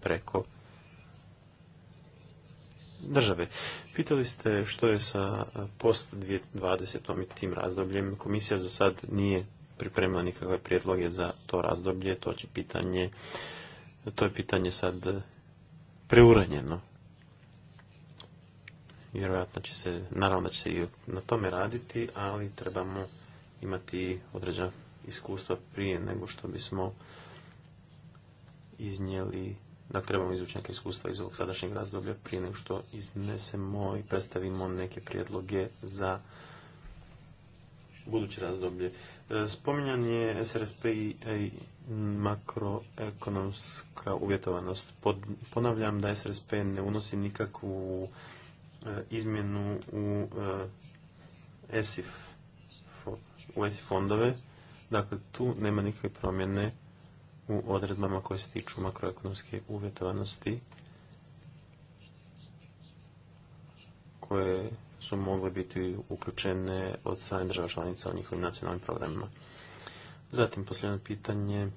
preko države. Pitali ste što je sa post 2020. i tim razdobljem. Komisija za sad nije pripremila nikakve prijedloge za to razdoblje. To će pitanje, to je pitanje sad preuranjeno. Vjerojatno će se, naravno će se i na tome raditi, ali trebamo imati određena iskustva prije nego što bismo iznijeli da trebamo izvući neke iskustva iz ovog sadašnjeg razdoblja prije nego što iznesemo i predstavimo neke prijedloge za buduće razdoblje. E, spominjan je SRSP e, i makroekonomska uvjetovanost. Ponavljam da SRSP ne unosi nikakvu e, izmjenu u u ESIF fondove. Dakle, tu nema nikakve promjene u odredbama koje se tiču makroekonomske uvjetovanosti koje su mogle biti uključene od strane država članica u njihovim nacionalnim programima. Zatim posljedno pitanje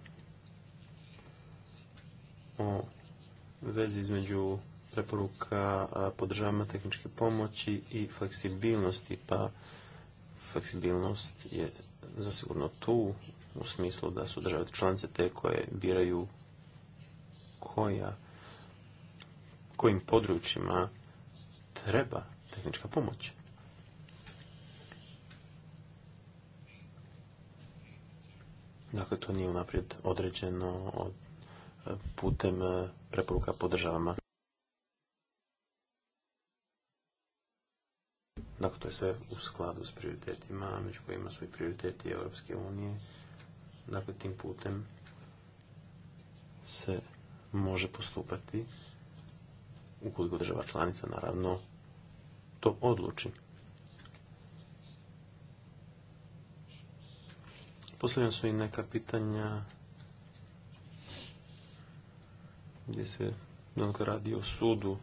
o vezi između preporuka podržavama tehničke pomoći i fleksibilnosti, pa fleksibilnost je zasigurno tu u smislu da su države članice te koje biraju koja, kojim područjima treba tehnička pomoć. Dakle, to nije unaprijed određeno putem eh, preporuka po državama. Dakle, to je sve u skladu s prioritetima, među kojima su i prioriteti Europske unije. Dakle, tim putem se može postupati ukoliko država članica naravno to odluči. Posljedno su i neka pitanja gdje se dakle, radi o sudu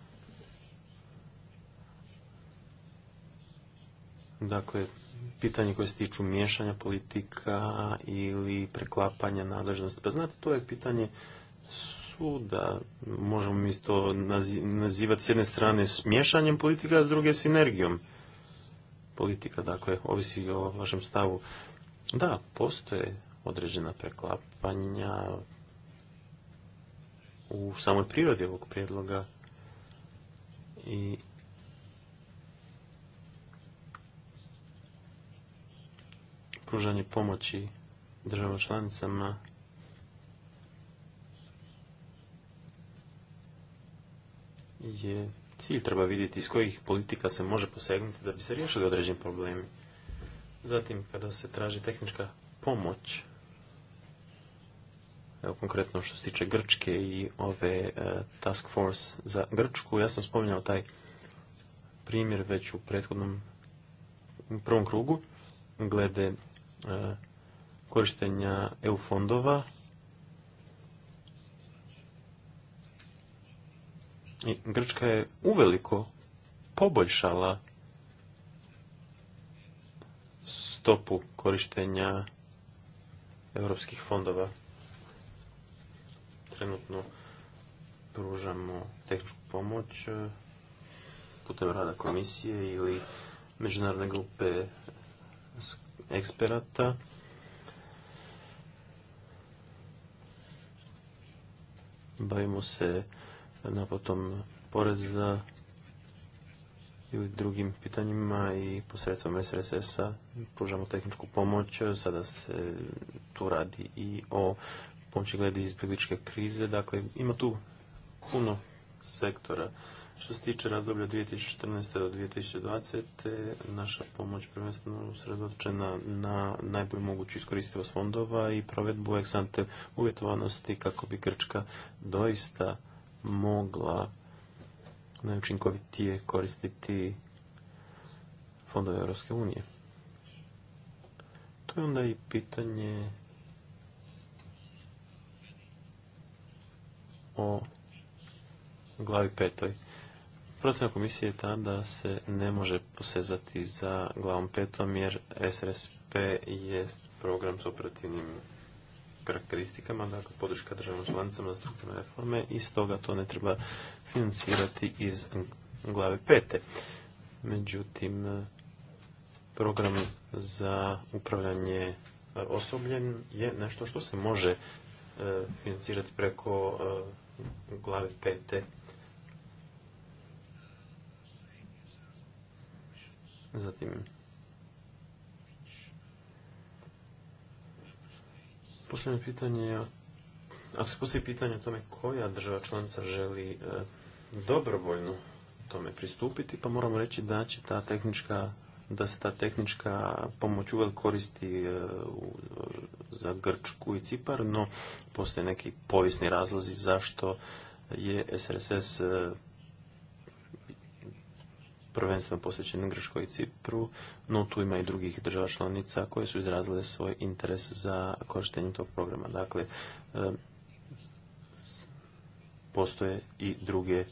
Dakle, pitanje koje se tiču miješanja politika ili preklapanja nadležnosti. Pa znate, to je pitanje suda. Možemo mi to nazivati s jedne strane smiješanjem politika, a s druge sinergijom politika. Dakle, ovisi o vašem stavu. Da, postoje određena preklapanja u samoj prirodi ovog prijedloga i pružanje pomoći državama članicama je cilj treba vidjeti iz kojih politika se može posegnuti da bi se riješili određeni problemi. Zatim, kada se traži tehnička pomoć, evo konkretno što se tiče Grčke i ove e, task force za Grčku, ja sam spominjao taj primjer već u prethodnom prvom krugu, glede E, korištenja EU fondova I Grčka je uveliko poboljšala stopu korištenja europskih fondova. Trenutno pružamo tehničku pomoć e, putem rada komisije ili međunarodne grupe s eksperata. Bavimo se napotom poreza ili drugim pitanjima i posredstvom SRSS-a pružamo tehničku pomoć. Sada se tu radi i o pomoći glede izbjegličke krize. Dakle, ima tu puno sektora što se tiče razdoblja 2014. do 2020. naša pomoć prvenstveno usredotočena na najbolju moguću iskoristivost fondova i provedbu eksante uvjetovanosti kako bi Grčka doista mogla najučinkovitije koristiti fondove Europske unije. To je onda i pitanje o glavi petoj. Procena komisije je ta da se ne može posezati za glavom petom jer SRSP je program s operativnim karakteristikama, dakle podrška državnom članicama za strukturne reforme i stoga to ne treba financirati iz glave pete. Međutim, program za upravljanje e, osobljem je nešto što se može e, financirati preko e, glave pete Zatim posljedno pitanje a se pitanje o tome koja država članica želi e, dobrovoljno tome pristupiti, pa moramo reći da će ta tehnička da se ta tehnička pomoć uvel koristi e, za Grčku i Cipar, no postoje neki povisni razlozi zašto je SRSS prvenstveno posvećeno Grčkoj i Cipru, no tu ima i drugih država članica koje su izrazile svoj interes za korištenje tog programa. Dakle, postoje i druge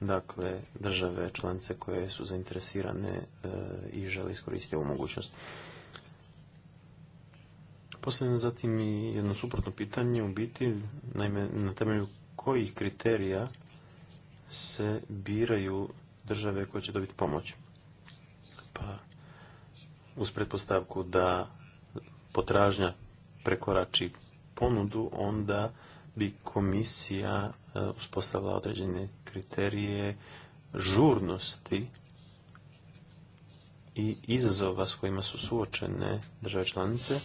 dakle, države članice koje su zainteresirane e, i žele iskoristiti ovu mogućnost. Posljedno zatim i jedno suprotno pitanje u biti, naime na temelju kojih kriterija se biraju države koje će dobiti pomoć. Pa, uz pretpostavku da potražnja prekorači ponudu, onda bi komisija e, uspostavila određene kriterije žurnosti i izazova s kojima su suočene države članice,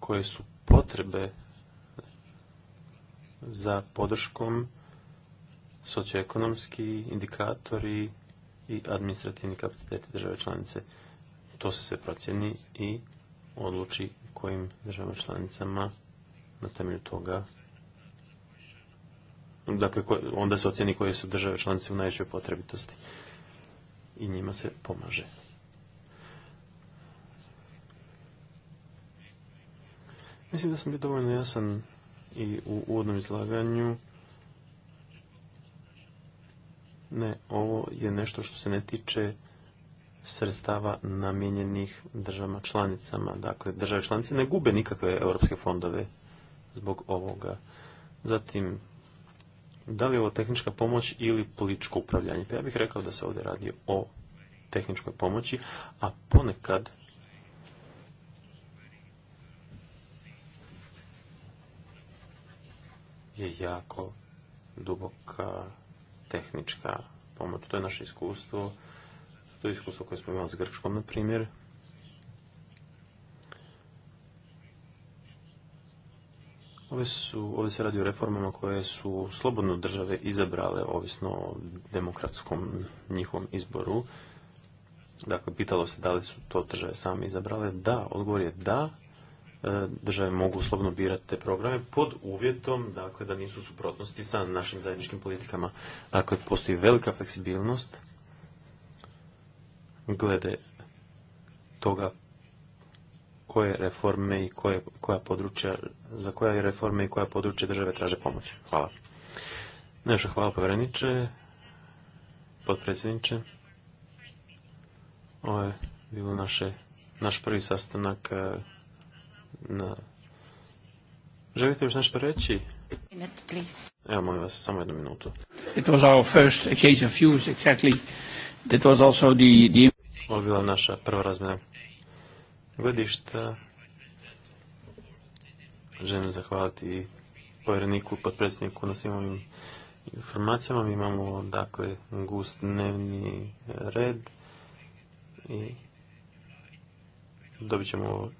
koje su potrebe za podrškom socioekonomski indikatori i administrativni kapaciteti države članice. To se sve procjeni i odluči kojim državama članicama na temelju toga dakle onda se ocjeni koje su države članice u najvećoj potrebitosti i njima se pomaže. Mislim da sam bio dovoljno jasan i u uvodnom izlaganju ne, ovo je nešto što se ne tiče sredstava namijenjenih državama članicama. Dakle, države članice ne gube nikakve europske fondove zbog ovoga. Zatim, da li je ovo tehnička pomoć ili političko upravljanje? Pa ja bih rekao da se ovdje radi o tehničkoj pomoći, a ponekad je jako duboka tehnička pomoć. To je naše iskustvo, to je iskustvo koje smo imali s Grčkom, na primjer. Ove, su, se radi o reformama koje su slobodno države izabrale, ovisno o demokratskom njihovom izboru. Dakle, pitalo se da li su to države same izabrale. Da, odgovor je da, E, države mogu slobodno birati te programe pod uvjetom dakle, da nisu suprotnosti sa našim zajedničkim politikama. Dakle, postoji velika fleksibilnost glede toga koje reforme i koje, koja područja, za koje reforme i koja područja države traže pomoć. Hvala. Nešto hvala povjereniče, potpredsjedniče. Ovo je bilo naše, naš prvi sastanak e, na... Želite još nešto reći? Evo, molim vas, samo jednu minutu. It was our Ovo je bila naša prva razmjena gledišta. Želim zahvaliti povjereniku, podpredsjedniku na svim ovim informacijama. Mi imamo, dakle, gust dnevni red i dobit ćemo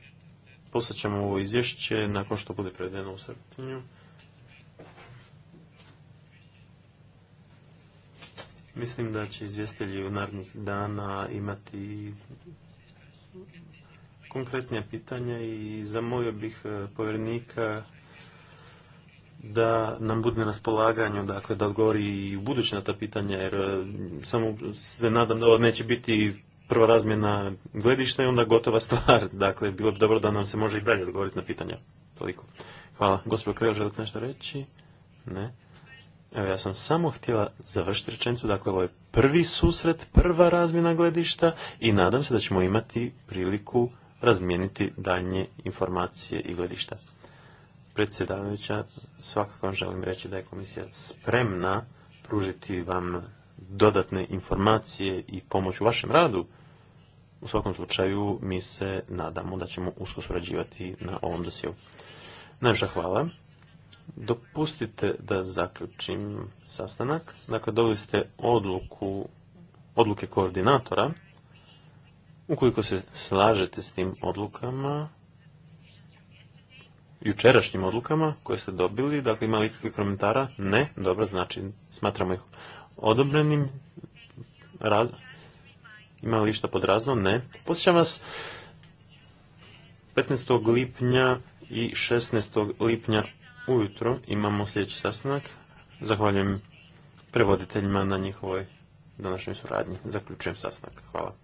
ćemo ovo izvješće nakon što bude prevedeno u srpnju. Mislim da će izvjestitelji u narednih dana imati konkretnija pitanja i zamolio bih e, povjerenika da nam bude na raspolaganju, dakle da odgovori i u buduće na ta pitanja, jer e, samo se nadam da ovo neće biti prva razmjena gledišta i onda gotova stvar. Dakle, bilo bi dobro da nam se može i dalje odgovoriti na pitanja. Toliko. Hvala. Gospod Kreo, želite nešto reći? Ne. Evo, ja sam samo htjela završiti rečenicu. Dakle, ovo je prvi susret, prva razmjena gledišta i nadam se da ćemo imati priliku razmijeniti daljnje informacije i gledišta. Predsjedavajuća, svakako vam želim reći da je komisija spremna pružiti vam dodatne informacije i pomoć u vašem radu u svakom slučaju mi se nadamo da ćemo usko surađivati na ovom dosjeu. naša hvala. Dopustite da zaključim sastanak. Dakle, dobili ste odluku, odluke koordinatora. Ukoliko se slažete s tim odlukama, jučerašnjim odlukama koje ste dobili, dakle ima li ikakvih komentara? Ne, dobro, znači smatramo ih odobrenim. Rad, ima li išta pod Ne. Posjećam vas 15. lipnja i 16. lipnja ujutro imamo sljedeći sastanak. Zahvaljujem prevoditeljima na njihovoj današnjoj suradnji. Zaključujem sastanak. Hvala.